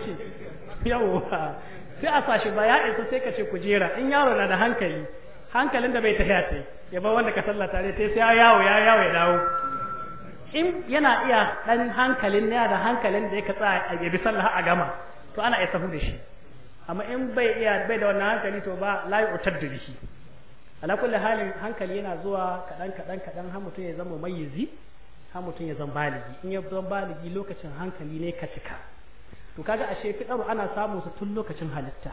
Speaker 1: yau ba sai a sashi baya isa sai ka ce ku jira in yaro na da hankali hankalin da bai tafiya ta ya ba wanda ka sallah tare sai ya yawo ya yawo ya dawo in yana iya dan hankalin ne da hankalin da yake tsaya a yabi sallah a gama to ana isa sahu da shi amma in bai iya bai da wannan hankali to ba la yu'taddu bihi ala kulli halin hankali yana zuwa kadan kadan kadan har mutum ya zama mayyizi har mutum ya zama baligi in ya zama baligi lokacin hankali ne ka cika to kaga ashe fidaru ana samu su tun lokacin halitta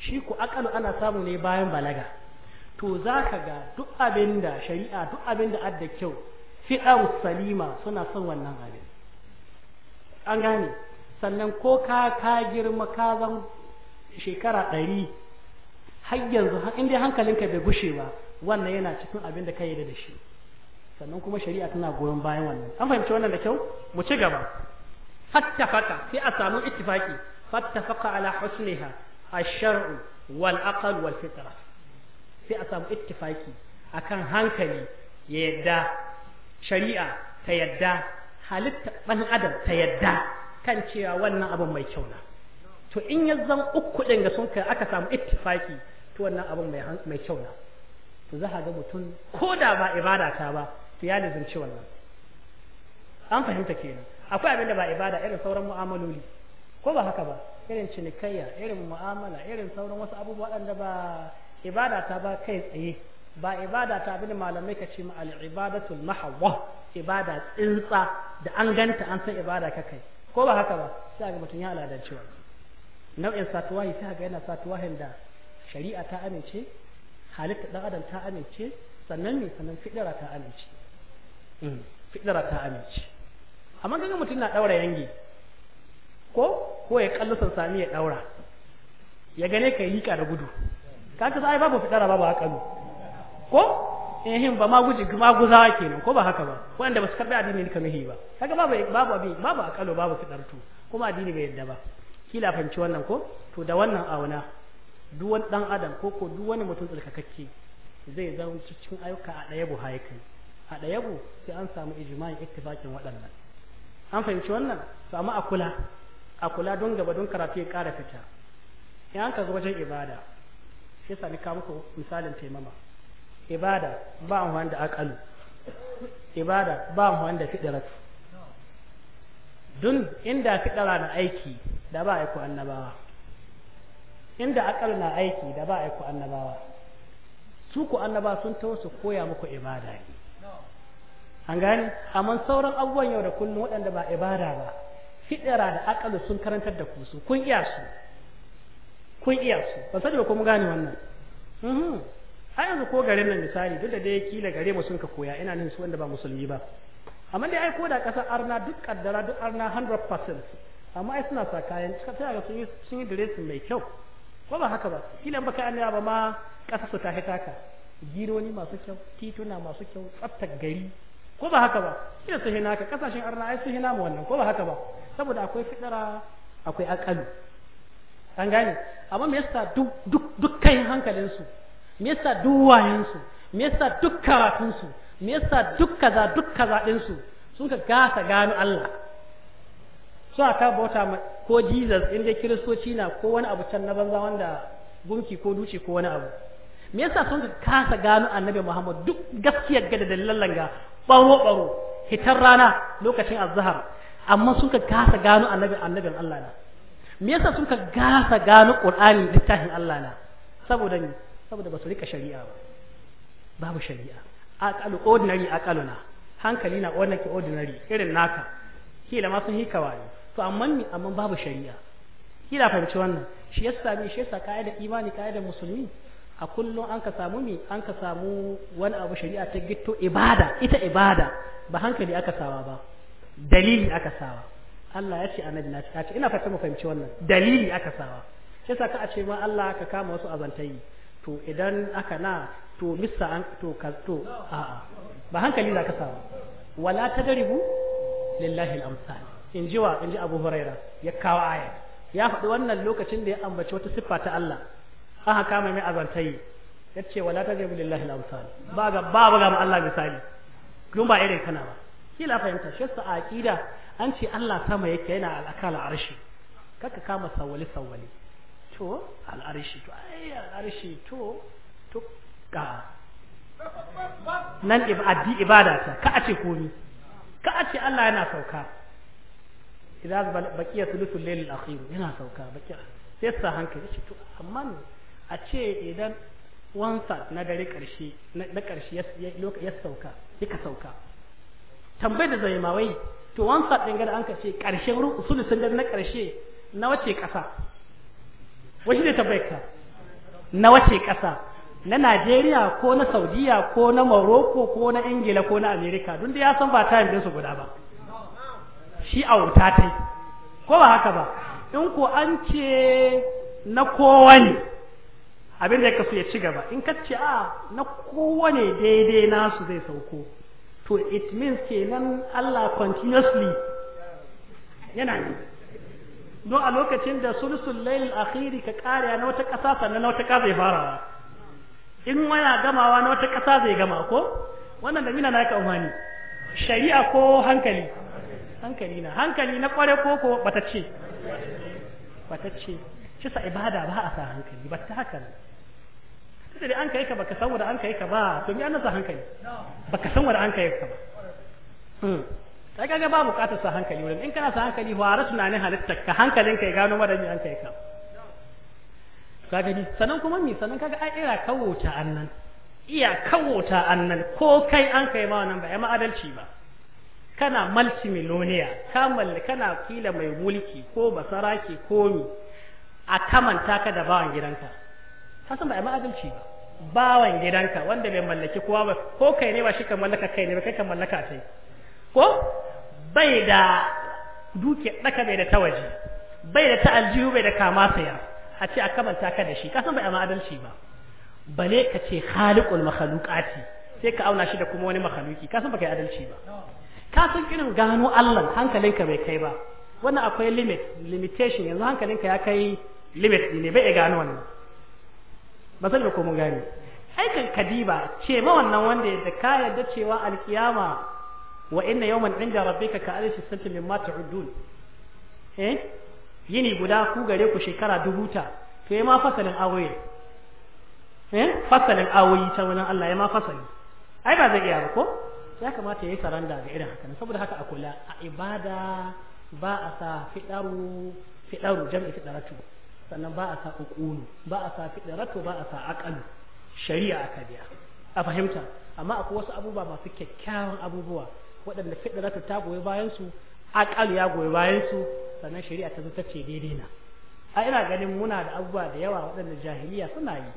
Speaker 1: shi ku akalu ana samu ne bayan balaga to zaka ga duk abinda shari'a duk abinda adda kyau fidaru salima suna son wannan abin an gane sannan ko ka ka girma ka zan shekara ɗari har yanzu in dai hankalinka bai gushe ba wannan yana cikin abin da ka yi da shi sannan kuma shari'a tana goyon bayan wannan an fahimci wannan da kyau mu ci gaba fattafaka sai a samu ittifaki fattafaka ala husniha ash-shar'u wal aql wal fitra sai a samu ittifaki akan hankali ya yadda shari'a ta yadda halitta ɗan adam ta yadda kan cewa wannan abin mai kyau na to in ya zan uku ɗin ga sun aka samu ittifaki wannan abin mai kyau na to za a ga mutum ko da ba ibada ta ba to ya lizinci wannan an fahimta kenan akwai abin da ba ibada irin sauran mu'amaloli ko ba haka ba irin cinikayya irin mu'amala irin sauran wasu abubuwa waɗanda ba ibada ta ba kai tsaye ba ibada ta abin malamai ka ce ma al-ibadatul mahawwa ibada tsintsa da an ganta an san ibada ka kai ko ba haka ba sai ga mutum ya aladanci wannan nau'in satuwahi sai ga yana satuwahin da shari'a ta amince halitta ɗan adam ta amince sannan ne sannan fidara ta amince hmm, fidara ta amince amma ganin mutum na ɗaura yangi ko ko ya kallo sansani ya ɗaura ya gane ka yi da gudu ka ka sai babu fidara babu akalu ko ehin ba ma guji ma nan, ko ba haka ba wanda ba su karbi addini ka nuhi ba kaga babu babu abin babu akalo babu fidartu kuma addini bai yadda ba kila fanci wannan ko to da wannan auna duwan wani dan adam ko ko duk wani mutum tsarkakakke zai zama cikin ayyuka a ɗaya haikai a ɗaya sai an samu ijma'in ittifaqin waɗannan an fahimci wannan to amma a kula a kula don gaba don karatu ya ƙara fita in an ka wajen ibada shi sami ni ka muku misalin taimama ibada ba amfani da akalu ibada ba amfani da fidirat dun inda fidara na aiki da ba aiko annabawa inda akal na aiki da ba a ku annabawa su ku annaba sun taho su koya muku ibada ne an gani amma sauran abubuwan yau da kullum waɗanda ba ibada ba fiɗira da akalu sun karantar da ku su kun iya su kun iya su ba sa ba kuma gane wannan mhm. a yanzu ko garin nan misali duk da dai kila gare mu sun ka koya ina nan su wanda ba musulmi ba amma dai ai ko da kasar arna duk kaddara duk arna 100% amma ai suna sa kayan sai ga sun yi sun yi dressing mai kyau ko ba haka ba filan baka Allah ba ma kasa su ta hitaka gironi masu kyau tituna masu kyau tsaftar gari ko ba haka ba kila su hina ka kasashen arna ai su hina mu wannan ko ba haka ba saboda akwai fidara akwai akalu an gane amma me yasa duk duk dukkan hankalin su me yasa duk wayen su me yasa duk karatun su me yasa duk kaza duk kaza din su sun ka gasa gano Allah so aka bota ko jesus in dai kiristoci na ko wani abu can na banza wanda gunki ko duce ko wani abu me yasa sun kasa gano annabi muhammad duk gaskiyar ga da dalilan ga baro baro hitar rana lokacin azhar amma suka kasa gano annabi annabin Allah na me yasa suka kasa gano qur'ani littafin Allah na saboda ni saboda ba su rika shari'a ba babu shari'a aqalu ordinary aqaluna hankali na wannan ki ordinary irin naka kila ma sun hikawa ne to amma ni amma babu shari'a kila fahimci wannan shi yasa me shi yasa kaya da imani kaya da musulmi a kullum an ka samu me an ka samu wani abu shari'a ta gitto ibada ita ibada ba hankali aka sawa ba dalili aka sawa Allah ya ce annabi na ce ina fata mu fahimci wannan dalili aka sawa shi yasa ka a ce ma Allah ka kama wasu azantai to idan aka na to missa an to ka to a'a ba hankali za ka sawa wala tadribu lillahi al-amsal in ji wa in ji abu huraira ya kawo aya ya faɗi wannan lokacin da ya ambaci wata siffa ta Allah an kama mai yi ya ce wala ta jabi lillahi al misali ba ga ba ga Allah misali don ba irin kana ba kila fahimta shi a aqida an ce Allah sama yake yana al'akala arshi kaka kama sawali sawali to al-arshi to ai al-arshi to to ka
Speaker 3: nan ibadi ibada ta ka a ce
Speaker 1: komi ka a ce Allah yana sauka idan baqiya thuluthul layl al-akhir yana sauka baqiya sai sa hankali shi to amma a ce idan wansa na dare karshe na karshe ya sauka yaka sauka Tambayi da zai mawai to wansa din ga an ka ce karshen sulusun dare na karshe na wace kasa wace ne tambayar ka na wace kasa na Najeriya ko na Saudiya ko na Morocco ko na Ingila ko na Amerika duk da ya san ba time din su guda ba shi wuta ta yi ko ba haka ba in ko an ce na kowa ne abin da ya kasu ya ci gaba in ka ce a ah, na kowa ne daidai nasu zai sauko to it means kenan Allah continuously yana ne no a lokacin da sulusul lail akhiri ka kare na wata kasa sannan na wata kasa zai fara in waya gamawa na wata kasa zai gama ko wannan da mina na ka umani shari'a ko hankali hankali na hankali na kware koko bata ce bata ce shi sa ibada ba a sa hankali ba ta haka ne sai da an kai ka baka san wanda an kai ka ba to me an sa hankali baka san wanda an kai ka ba hmm sai kaga ba bukatar sa hankali wurin in kana sa hankali fara ne halitta ka hankalin ka ya gano wanda an kai ka ka gani sanan kuma mi sanan kaga ai ira kawota annan iya kawota annan ko kai an kai ma wannan ba ai ma adalci ba kana multimillionaire ka mallaka kana kila mai mulki ko basaraki ko ni a kamanta ka da bawan gidanka ka san ba ai ma'adalci ba bawan gidanka wanda bai mallaki kowa ba ko kai ne ba shi ka mallaka kai ne ba kai ka mallaka sai ko bai da duke daka bai da tawaji bai da ta aljihu bai da kama saya a ce a kamanta ka da shi ka san ba ai ma'adalci ba bale ka ce khaliqul makhluqati sai ka auna shi da kuma wani makhluki ka san ba kai adalci ba ka san irin gano Allah hankalinka bai kai ba wannan akwai limit limitation yanzu hankalinka ya kai limit ne bai gano wannan ba san da ko mun gane aikan kadiba ce ma wannan wanda yadda ka yadda cewa alkiyama wa inna yawman inda rabbika ka alishi min ma ta'udun eh yini guda ku gare ku shekara dubu ta to ya ma fasalin awoyi eh fasalin awoyi ta wannan Allah ya ma fasali ai ba zai iya ba ko ya kamata ya yi saranda ga irin haka saboda haka a kula a ibada ba a sa fidaru fidaru jam'i fidaratu sannan ba a sa ukunu ba a sa fidaratu ba a sa aqalu shari'a aka biya a fahimta amma akwai wasu abubuwa masu kyakkyawan abubuwa waɗanda fidaratu ta goyi bayan su aqalu ya goyi bayan su sannan shari'a ta zo ta ce daidai na a ina ganin muna da abubuwa da yawa waɗanda jahiliya suna yi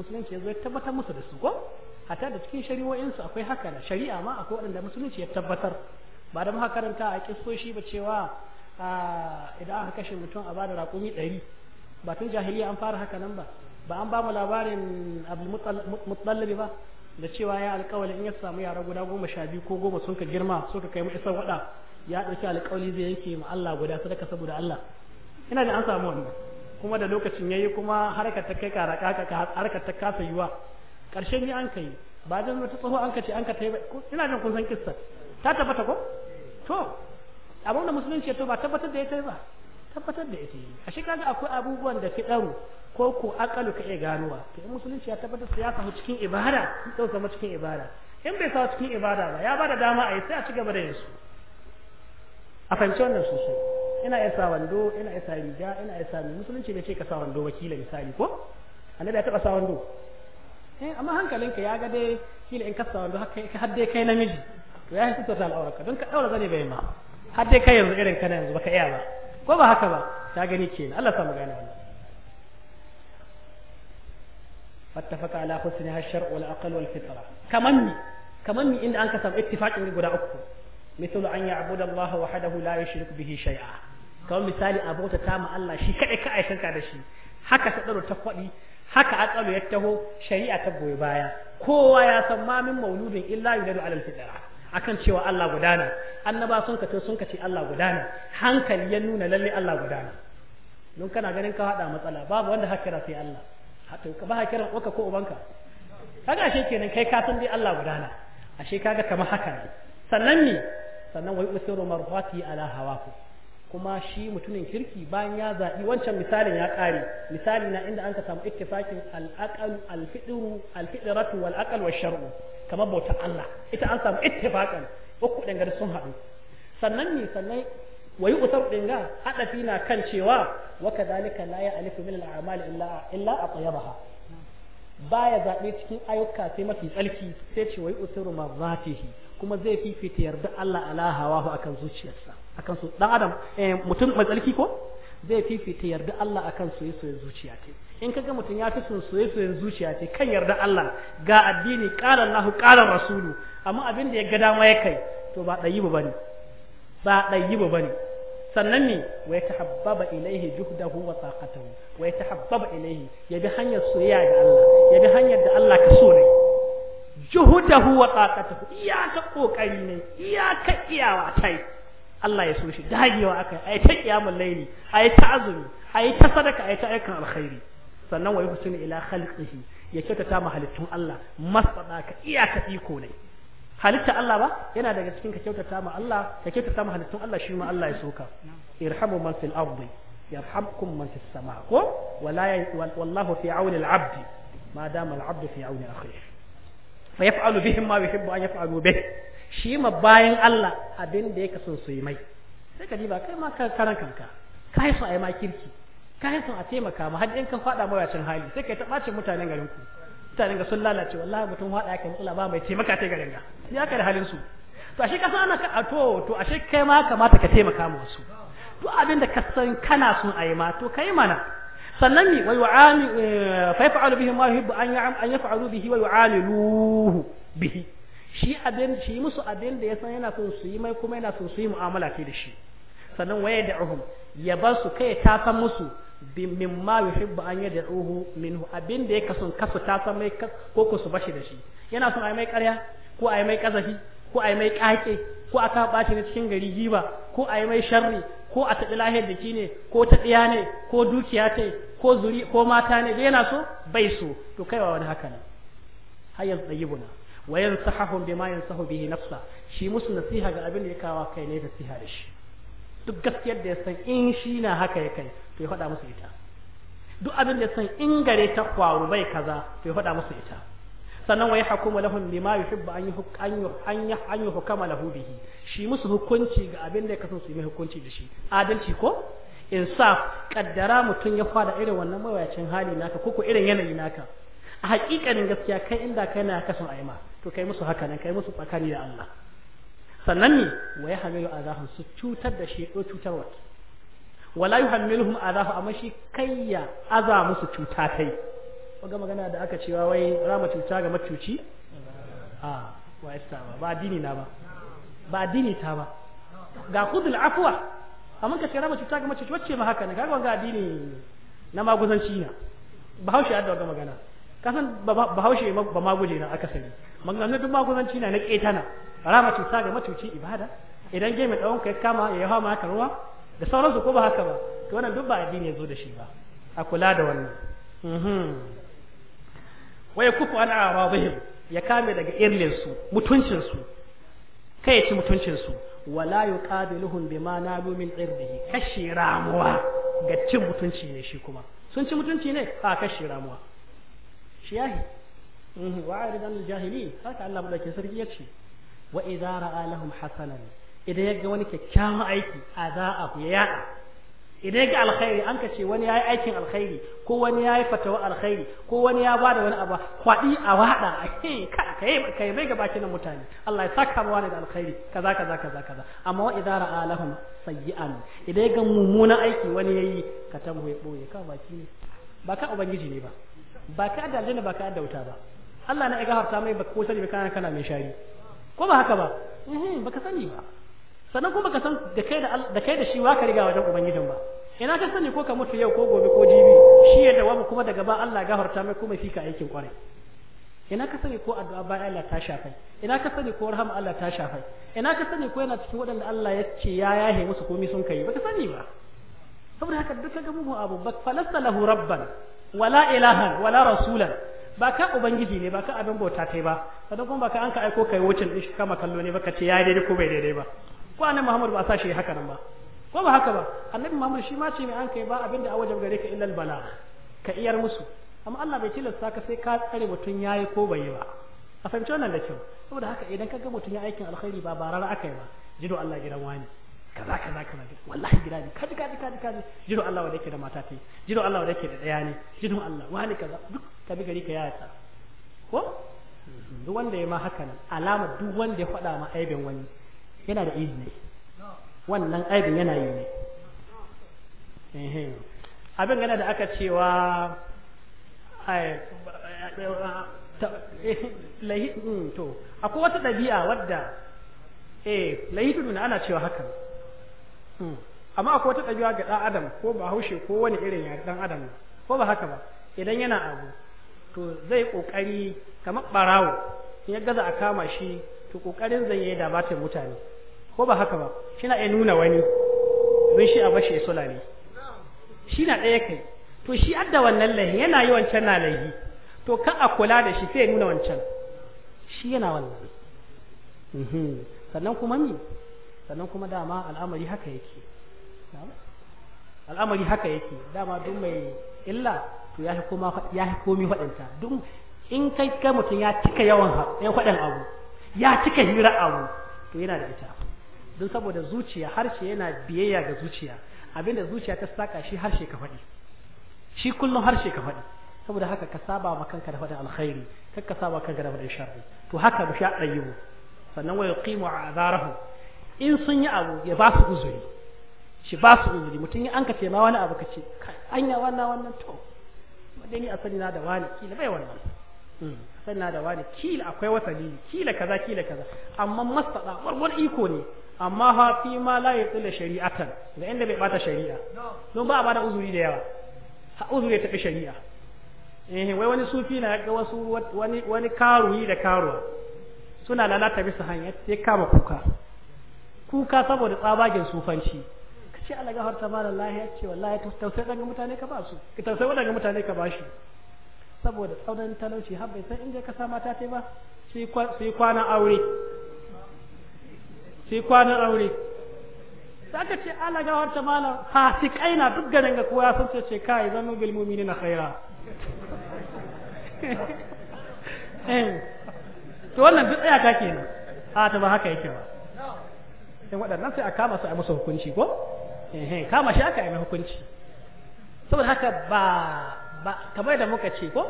Speaker 1: musulunci ya zo ya tabbatar musu da su ko hatta da cikin shari'o'insu akwai haka da shari'a ma akwai waɗanda musulunci ya tabbatar ba da muka a a shi ba cewa idan aka kashe mutum a bada raƙumi ɗari ba tun jahiliya an fara haka nan ba ba an bamu mu labarin abdulmuttallabi ba da cewa ya alƙawali in ya samu yara guda goma sha biyu ko goma sun ka girma suka kai mu isar waɗa ya ɗauki alƙawali zai yanke ma Allah guda sadaka saboda Allah ina da an samu wannan kuma da lokacin yayi kuma harkar ta kai ka harkar ta kasa yiwa karshen ni an kai ba zan ta tsoho an ka ce an ka tai ina jin kun san kissa ta tabbata ko to abin da musulunci ya to ba tabbatar da ita ba tabbatar da ita yi a shi kaga akwai abubuwan da daru ko ko akalu ka iya ganuwa to in musulunci ya tabbatar sai ya samu cikin ibada sai samu cikin ibada in bai samu cikin ibada ba ya bada dama a yi sai a ci gaba da yin su a fahimci wannan sosai ina iya sa wando ina iya sa riga ina iya sa musulunci bai ce ka sa wando wakila misali ko annabi ya taba sa wando eh amma hankalinka ya ga dai ne in kasa wanda har dai kai namiji to ya hinta ta al'aurarka don ka daura zane bai ma har dai kai yanzu irin kana yanzu baka iya ba ko ba haka ba ta gani kenan Allah sa mu gane wannan fattafaka ala husni hashar wal aqal wal fitra kaman ni kaman ni inda an ka samu ittifaqin guda uku مثل أن يعبد الله وحده لا يشرك به شيئا كما مثال أبوتا تام الله شي كأي كأي كأي da shi haka ta ɗaro ta kwaɗi haka atsalu ya taho shari'a ta goyi baya kowa ya san mamin mauludin illa yuladu alal fitra akan cewa Allah gudana annaba sun kace sun Allah gudana hankali ya nuna lalle Allah gudana don kana ganin ka hada matsala babu wanda hakira sai Allah hato ka ba hakiran uka ko ubanka kaga ashe kenan kai ka san dai Allah gudana ashe kaga kamar haka ne sannan ni sannan wai usiru marfati ala hawaku kuma shi mutumin kirki bayan ya zaɓi wancan misalin ya ƙare misali na inda an ka samu ittifakin al-aqal al-fidru al-fidratu wal aqal shar'u kamar bautar Allah ita an samu ittifakan uku dangane sun haɗu sannan ne sannan wayi usar dinga haɗafi na kan cewa wa kadhalika la ya'lifu min al-a'mali illa illa atyabaha baya zaɓi cikin ayyuka sai mafi tsalki sai ce wayi usuru mazatihi kuma zai fifita yarda Allah ala hawahu akan zuciyarsa akan su dan adam eh, mutum mai tsarki ko zai fifita yarda Allah akan soye soyen zuciya ta in kaga mutum ya fi son soye soyen zuciya ta kan yarda Allah ga addini qala Allahu qala rasulu amma abin da ya ga dama ya kai to ba dayi ba ne ba dayi ba ne sannan ne wa ta tahabbaba ilaihi juhdahu wa taqatuhu wa ta tahabbaba ilaihi ya bi hanyar soyayya ga Allah ya bi hanyar da Allah ka so ne juhdahu wa taqatahu iyaka kokari ne iyaka iyawa tai Allah ya so shi dagewa aka yi a ai ta kiyamul a ai ta azumi a ai ta sadaka a ai ta aikin alkhairi sannan wa yuhsinu ila khalqihi ya kyautata ma halittun Allah masfada ka iyaka iko ne halitta Allah ba yana daga cikin ka kyautata ma Allah ka kyautata ma halittun Allah shi ma Allah ya soka irhamu man fil ardi yarhamkum man fis sama ko wala wallahu fi auni al abd ma dama al abd fi auni akhihi fa yaf'alu bihim ma yuhibbu an yaf'alu bihi shi ma bayan Allah abin da yake son su yi mai sai ka diba kai ma karan kanka ka yi son a yi ma kirki ka yi son a taimaka ma har in kan faɗa can hali sai ka taɓa ce mutanen garin ku mutanen ga sun lalace wallahi mutum faɗa yake matsala ba mai taimaka ta garin ga ya aka da halin su to ashe ka san ana ka to to ashe kai ma kamata ka taimaka ma wasu to abin da ka san kana son a yi ma to kai mana sannan mi wa yu'ami eh, fa yaf'alu bihi ma yuhibbu an yaf'alu bihi wa luhu bihi shi abin shi musu abin da ya san yana son su yi mai kuma yana son su yi mu'amala ce da shi sannan waye da uhum ya ba su kai ta san musu min ma yuhibbu an uhu minhu abin da ya kasu kasu ta san mai ko ko su bashi da shi yana son ai mai ƙarya ko ai mai kazafi ko ai mai kake ko a ka ɓaci na cikin gari giba ko ai mai sharri ko a taɓi lahiyar da ne ko ta ɗiya ne ko dukiya ce ko zuri ko mata ne da yana so bai so to kaiwa wani haka ne har yanzu Wayan sahahun bi mayan sahu bihi nafsa shi musu nasiha ga abin da ya kawo kai ne nasiha da shi duk gaskiyar da ya san in shi na haka ya kai to ya faɗa musu ita duk abin da ya san in gare ta kwaru bai kaza to ya faɗa musu ita sannan wa yahkumu lahum bima yuhibbu an yuhkanyu an an yuhkama lahu bihi shi musu hukunci ga abin da ya kaso su yi hukunci da shi adalci ko insaf kaddara mutum ya fada irin wannan mawayacin hali naka ko ko irin yanayi naka a hakikanin gaskiya kai inda kai na kasan aima to kai musu haka nan kai musu tsakani da Allah sannan ne wa ya hamilu azahum su cutar da shi ko wa wala yi a azahu amma shi kai ya aza musu cuta kai ga magana da aka cewa wai rama cuta ga macuci a wa istawa ba addini na ba ba addini ta ba ga kudul afuwa amma ka ce rama cuta ga macuci wacce ma haka ne ga wanga addini na maguzanci na bahaushe ya da magana kasan bahaushe ba maguje na na akasari maganganun duk maguzanci na na ƙetana ramatu sa ga matuci ibada idan gemi ɗawon ka kama ya yawa maka ruwa da sauransu ko ba haka ba to wannan duk ba addini ya zo da shi ba a kula da wannan mhm. wa ya kufu an arabihim ya kame daga irlinsu mutuncinsu kai ya ci mutuncinsu wala yuqabiluhum bima nalu min irdihi kashi ramuwa ga cin mutunci ne shi kuma sun ci mutunci ne a kashi ramuwa shi yahi mhm, wa arid al jahilin haka Allah sarki ya ce wa idza ra'a hasanan idan wani kyakkyawan aiki azaahu ya yaɗa idan yaga alkhairi an ce wani yi aikin alkhairi ko wani yayi fatawa alkhairi ko wani ya bada wani abu kwaɗi a wada kai kai bai ga nan mutane Allah ya saka mu wani da alkhairi kaza kaza kaza kaza amma wa idza ra'a sayyi'an idan yaga mummunan aiki wani yayi ka tambaye boye ka baki ne ba ka ubangiji ne ba ba ka da aljanna ba ka da wuta ba Allah na iga harta mai baka ko sani kana kana mai shari ko ba haka ba mhm, ba ka sani ba sannan kuma ka san da kai da da kai da shi wa ka riga wajen ubangijin ba ina ka sani ko ka mutu yau ko gobe ko jibi shi ya dawo kuma daga ba Allah gafarta mai kuma fika aikin kwarai ina ka sani ko addu'a bayan Allah ta shafai ina ka sani ko rahama Allah ta shafai ina ka sani ko yana cikin waɗanda Allah ya ce ya yahe musu komai sun kai ka sani ba saboda haka duk kaga mu abu bak falasta lahu rabban wala ilahan wala rasulan ba ka ubangiji ne ba ka abin bauta kai ba sannan kuma ba ka an ka aiko kai wucin din shi kama kallo ne ba ka ce ya daidai ko bai daidai ba ko annabi Muhammad ba sa shi haka nan ba ko ba haka ba annabi Muhammad shi ma ce mai an kai ba abin da a wajen gare ka illal bala ka iyar musu amma Allah bai tilasta ka sai ka tsare mutum yayi ko bai yi ba a fahimci wannan da kyau saboda haka idan ka ga mutum ya aikin alkhairi ba barar aka yi ba jido Allah gidan wani kaza kaza kaza wallahi gida ne kaji kaji kaji kaji jirin Allah wanda yake da mata ce yi Allah wanda yake da daya ne jirin Allah wani kaza duk ka bi gari ka yaya ta ko duk wanda ya ma haka nan alama duk wanda ya faɗa ma aibin wani yana da izini wannan aibin yana yi ne abin gana da aka cewa eh, mm, to akwai wata ɗabi'a wadda eh lahidu ana cewa haka amma akwai wata ɗabi'a ga ɗan adam ko ba haushe ko wani irin yare ɗan adam ko ba haka ba idan yana abu to zai ƙoƙari kamar ɓarawo in ya gaza a kama shi to ƙoƙarin zai yi dabatar mutane ko ba haka ba shi na iya nuna wani don shi a bashi ya sulale shi na ɗaya kai to shi adda wannan lahi yana yi wancan na lahi to kan a kula da shi sai ya nuna wancan shi yana wannan mhm. sannan kuma mi sannan kuma dama al'amari haka yake al'amari haka yake dama duk mai illa to ya kuma ya komi faɗinta duk in kai kai mutum ya cika yawan ya faɗin abu ya cika hira abu to yana da ita don saboda zuciya harshe yana biyayya ga zuciya abinda zuciya ta saka shi harshe ka faɗi shi kullum harshe ka faɗi saboda haka ka saba ma kanka da faɗin alkhairi kar ka saba kanka da faɗin sharri to haka mu sha sannan wa yuqimu azarahu in sun yi abu ya ba su uzuri shi ba su uzuri mutum an ka ma wani abu ka ce yi wannan wannan to dai ni a sani na da wani kila bai wannan hmm, a sani na da wani kila akwai wata lili kila kaza kila kaza amma mastaɗa warwar iko ne amma ha fi ma la ya tsila shari'atan ga inda bai bata shari'a don ba a bada uzuri da yawa ha uzuri ya tafi shari'a eh wai wani sufi na ga wasu wani wani karuyi da karuwa suna lalata bisa hanyar sai kama kuka kuka saboda tsabagen sufanci ka ce Allah gafarta malam lahiya ce wallahi tausayi daga mutane ka ba su ka tausayi daga mutane ka ba shi saboda tsaunan talauci har bai san in je ka sa mata ta ba sai kwanan aure sai kwanan aure sai ka ce Allah gafarta malam fasikai na duk ganin ga kowa sun ce kai zanu bil mu'minina khaira eh. to wannan duk tsaya ta kenan a ta ba haka yake ba in waɗannan sai a kama su a musu hukunci ko kama shi aka yi hukunci saboda haka ba ba kamar da muka ce ko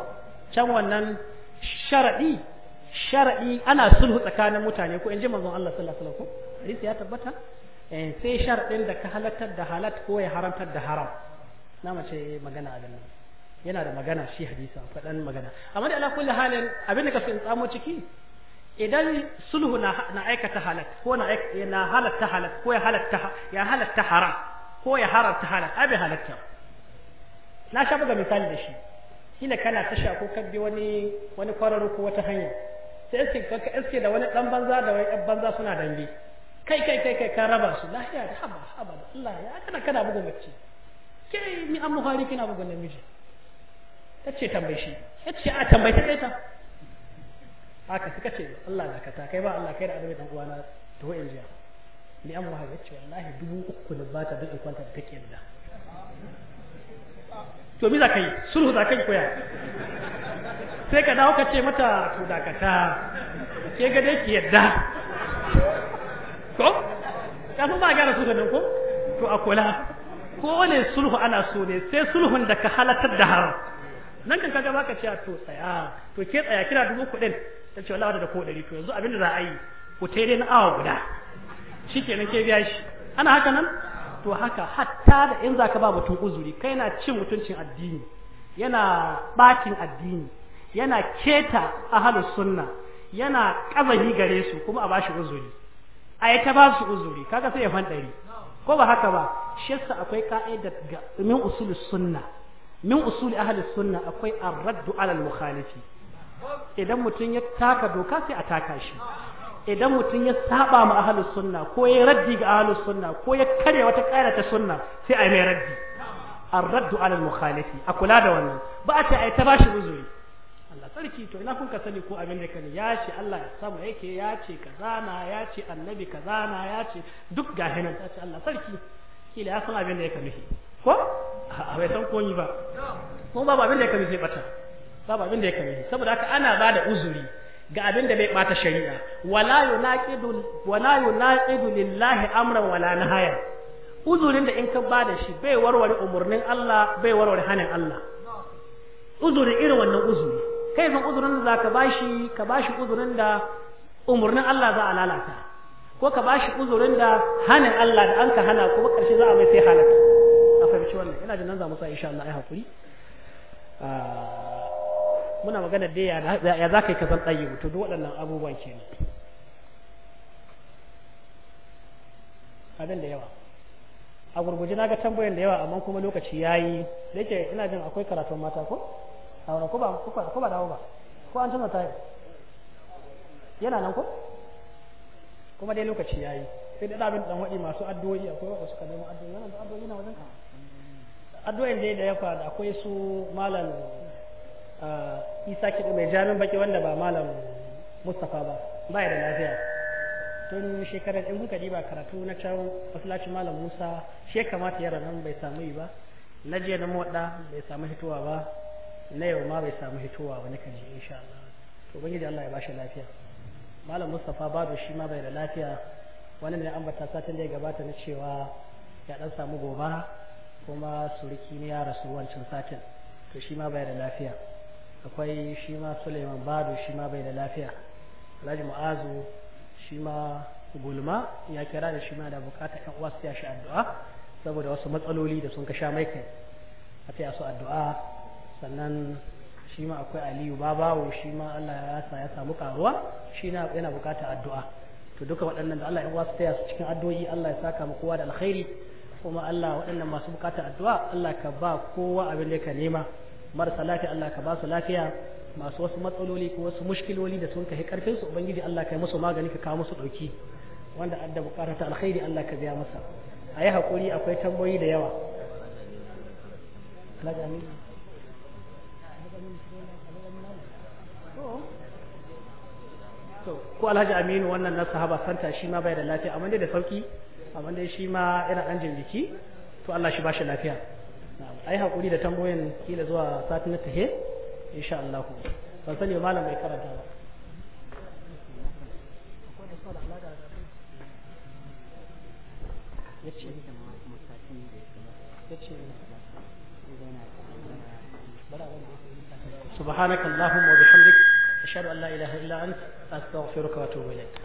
Speaker 1: can wannan sharaɗi sharaɗi ana sulhu tsakanin mutane ko in ji manzon Allah sallallahu alaihi wasallam ko hadisi ya tabbata eh, sai sharaɗin da ka halartar da halat ko ya haramtar da haram na mace magana a nan yana da magana shi hadisa faɗan magana amma da ala kulli halin abin da ka fi tsamo ciki idan sulhu na aikata halak ko na halatta halak ko ya halatta ya haram ko ya ta halak abi halakta na sha buga misali da shi kila kana tasha ko kabbi wani wani kwararo ko wata hanya sai iske kanka iske da wani dan banza da wani ɗan banza suna dambe kai kai kai kai ka raba su lahiya da haba haba Allah ya kana kana buga mace kai mi an muhari kina buga namiji tace tambaye shi yace a tambaye ta kai ta haka suka ce Allah na kata kai ba Allah kai da annabi dan uwana to ho jiya ni amma haka yace wallahi dubu uku da ba ta duk kwanta da take yadda
Speaker 3: to me za ka yi sulhu za ka yi koya sai ka dawo ka
Speaker 1: ce mata to dakata ke ga dai ki yadda ko ka san ba gara su ganin ko to a kula ko ne sulhu ana so ne sai sulhun da ka halatar da haram nan kan kaga baka ce to tsaya to ke tsaya kira dubu kudin ta ce wallahi da ko ɗari to yanzu abinda za a yi ku ta dai na awa guda shikenan ke biya shi ana haka nan to haka hatta da in zaka ba mutum uzuri kai na cin mutuncin addini yana bakin addini yana keta ahlus sunna yana ƙazani gare su kuma a bashi uzuri a yi ta ba su uzuri kaga sai ya fandari ko ba haka ba shi yasa akwai ka'ida min usulus sunna min usuli ahli sunna akwai ar-raddu ala al-mukhalifi idan mutum ya taka doka sai a taka shi idan mutum ya saba ma ahlus sunna ko ya raddi ga ahlus sunna ko ya kare wata kaira ta sunna sai a mai raddi ar-raddu ala al-mukhalifi a kula da wannan ba a ce ai ta bashi uzuri Allah sarki to ina kun ka sani ko abin da ne ya ce Allah ya samu yake ya ce kazana ya ce annabi kazana ya ce duk ga hinan ta ce Allah sarki kila ya san abin da ya kamishi ko a bai san komi ba ko babu abin da ya kamishi bata babu abin da ya kare saboda haka ana ba da uzuri ga abin da bai bata shari'a wala yunaqidu wala lillahi amran wala nahaya uzurin da in ka bada shi bai warware umurnin Allah bai warware hanin Allah uzuri irin wannan uzuri kai san uzurin da zaka bashi ka bashi uzurin da umurnin Allah za a lalata ko ka ba shi uzurin da hanin Allah da an ka hana kuma karshe za a mai sai halaka a fahimci wannan ina jin nan za mu sa insha Allah ai hakuri ah. muna magana dai ya za ka yi kazan ɗayi to duk waɗannan abubuwan ke ne abin da yawa a gurguje na ga tambayan da yawa amma kuma lokaci ya yi da yake ina jin akwai karatun mata ko a wani ko ba dawo ba ko an canza tayi yana nan ko kuma dai lokaci ya yi sai da ɗabin ɗan waɗi masu addu'o'i akwai waɗanda suka nemo addu'o'i yana da addu'o'i na wajen ka addu'o'in dai da ya faru akwai su malam Eh, isa kiɗa mai jamin baki wanda ba malam mustapha ba ba da lafiya tun shekarar in kuka ba karatu na can masallacin malam musa shi ya kamata yara nan bai samu yi ba na jiya na moɗa bai samu hitowa ba na yau ma bai samu hitowa wani kan ji insha Allah to ubangiji Allah ya bashi lafiya malam mustapha babu shi ma bai da lafiya wani ne ambata satin da ya gabata na cewa ya dan samu gobara kuma suriki ne ya rasu wancan satin to shi ma bai da lafiya akwai shi ma suleiman bado shi ma bai da lafiya alhaji mu'azu shi ma gulma ya kira da shi ma da bukata yan uwa su shi addu'a saboda wasu matsaloli da sun ka sha mai kai a taya su addu'a sannan shi ma akwai aliyu babawo shi ma allah ya sa ya samu karuwa shi na yana bukata addu'a to duka waɗannan da allah yan uwa su taya su cikin addu'o'i allah ya saka mu kowa da alkhairi kuma allah waɗannan masu bukatar addu'a allah ka ba kowa abin da ka nema marasa lafiya Allah ka ba su lafiya masu wasu matsaloli ko wasu mushkiloli da sun kai karfin su ubangiji Allah ka yi musu magani ka kawo musu dauki wanda adda bukata ta alkhairi Allah ka biya masa a yi hakuri akwai tamboyi da yawa
Speaker 3: ko alhaji aminu wannan na sahaba santa
Speaker 1: shi ma bai da lafiya amma dai da sauki amma dai shi ma yana dan jin jiki to Allah shi ba shi lafiya ai hakuri da tambayoyin kila zuwa satin na tahe insha Allah ku ban sani malam bai
Speaker 3: karanta ba سبحانك اللهم وبحمدك
Speaker 1: أشهد أن لا إله إلا أنت أستغفرك وأتوب إليك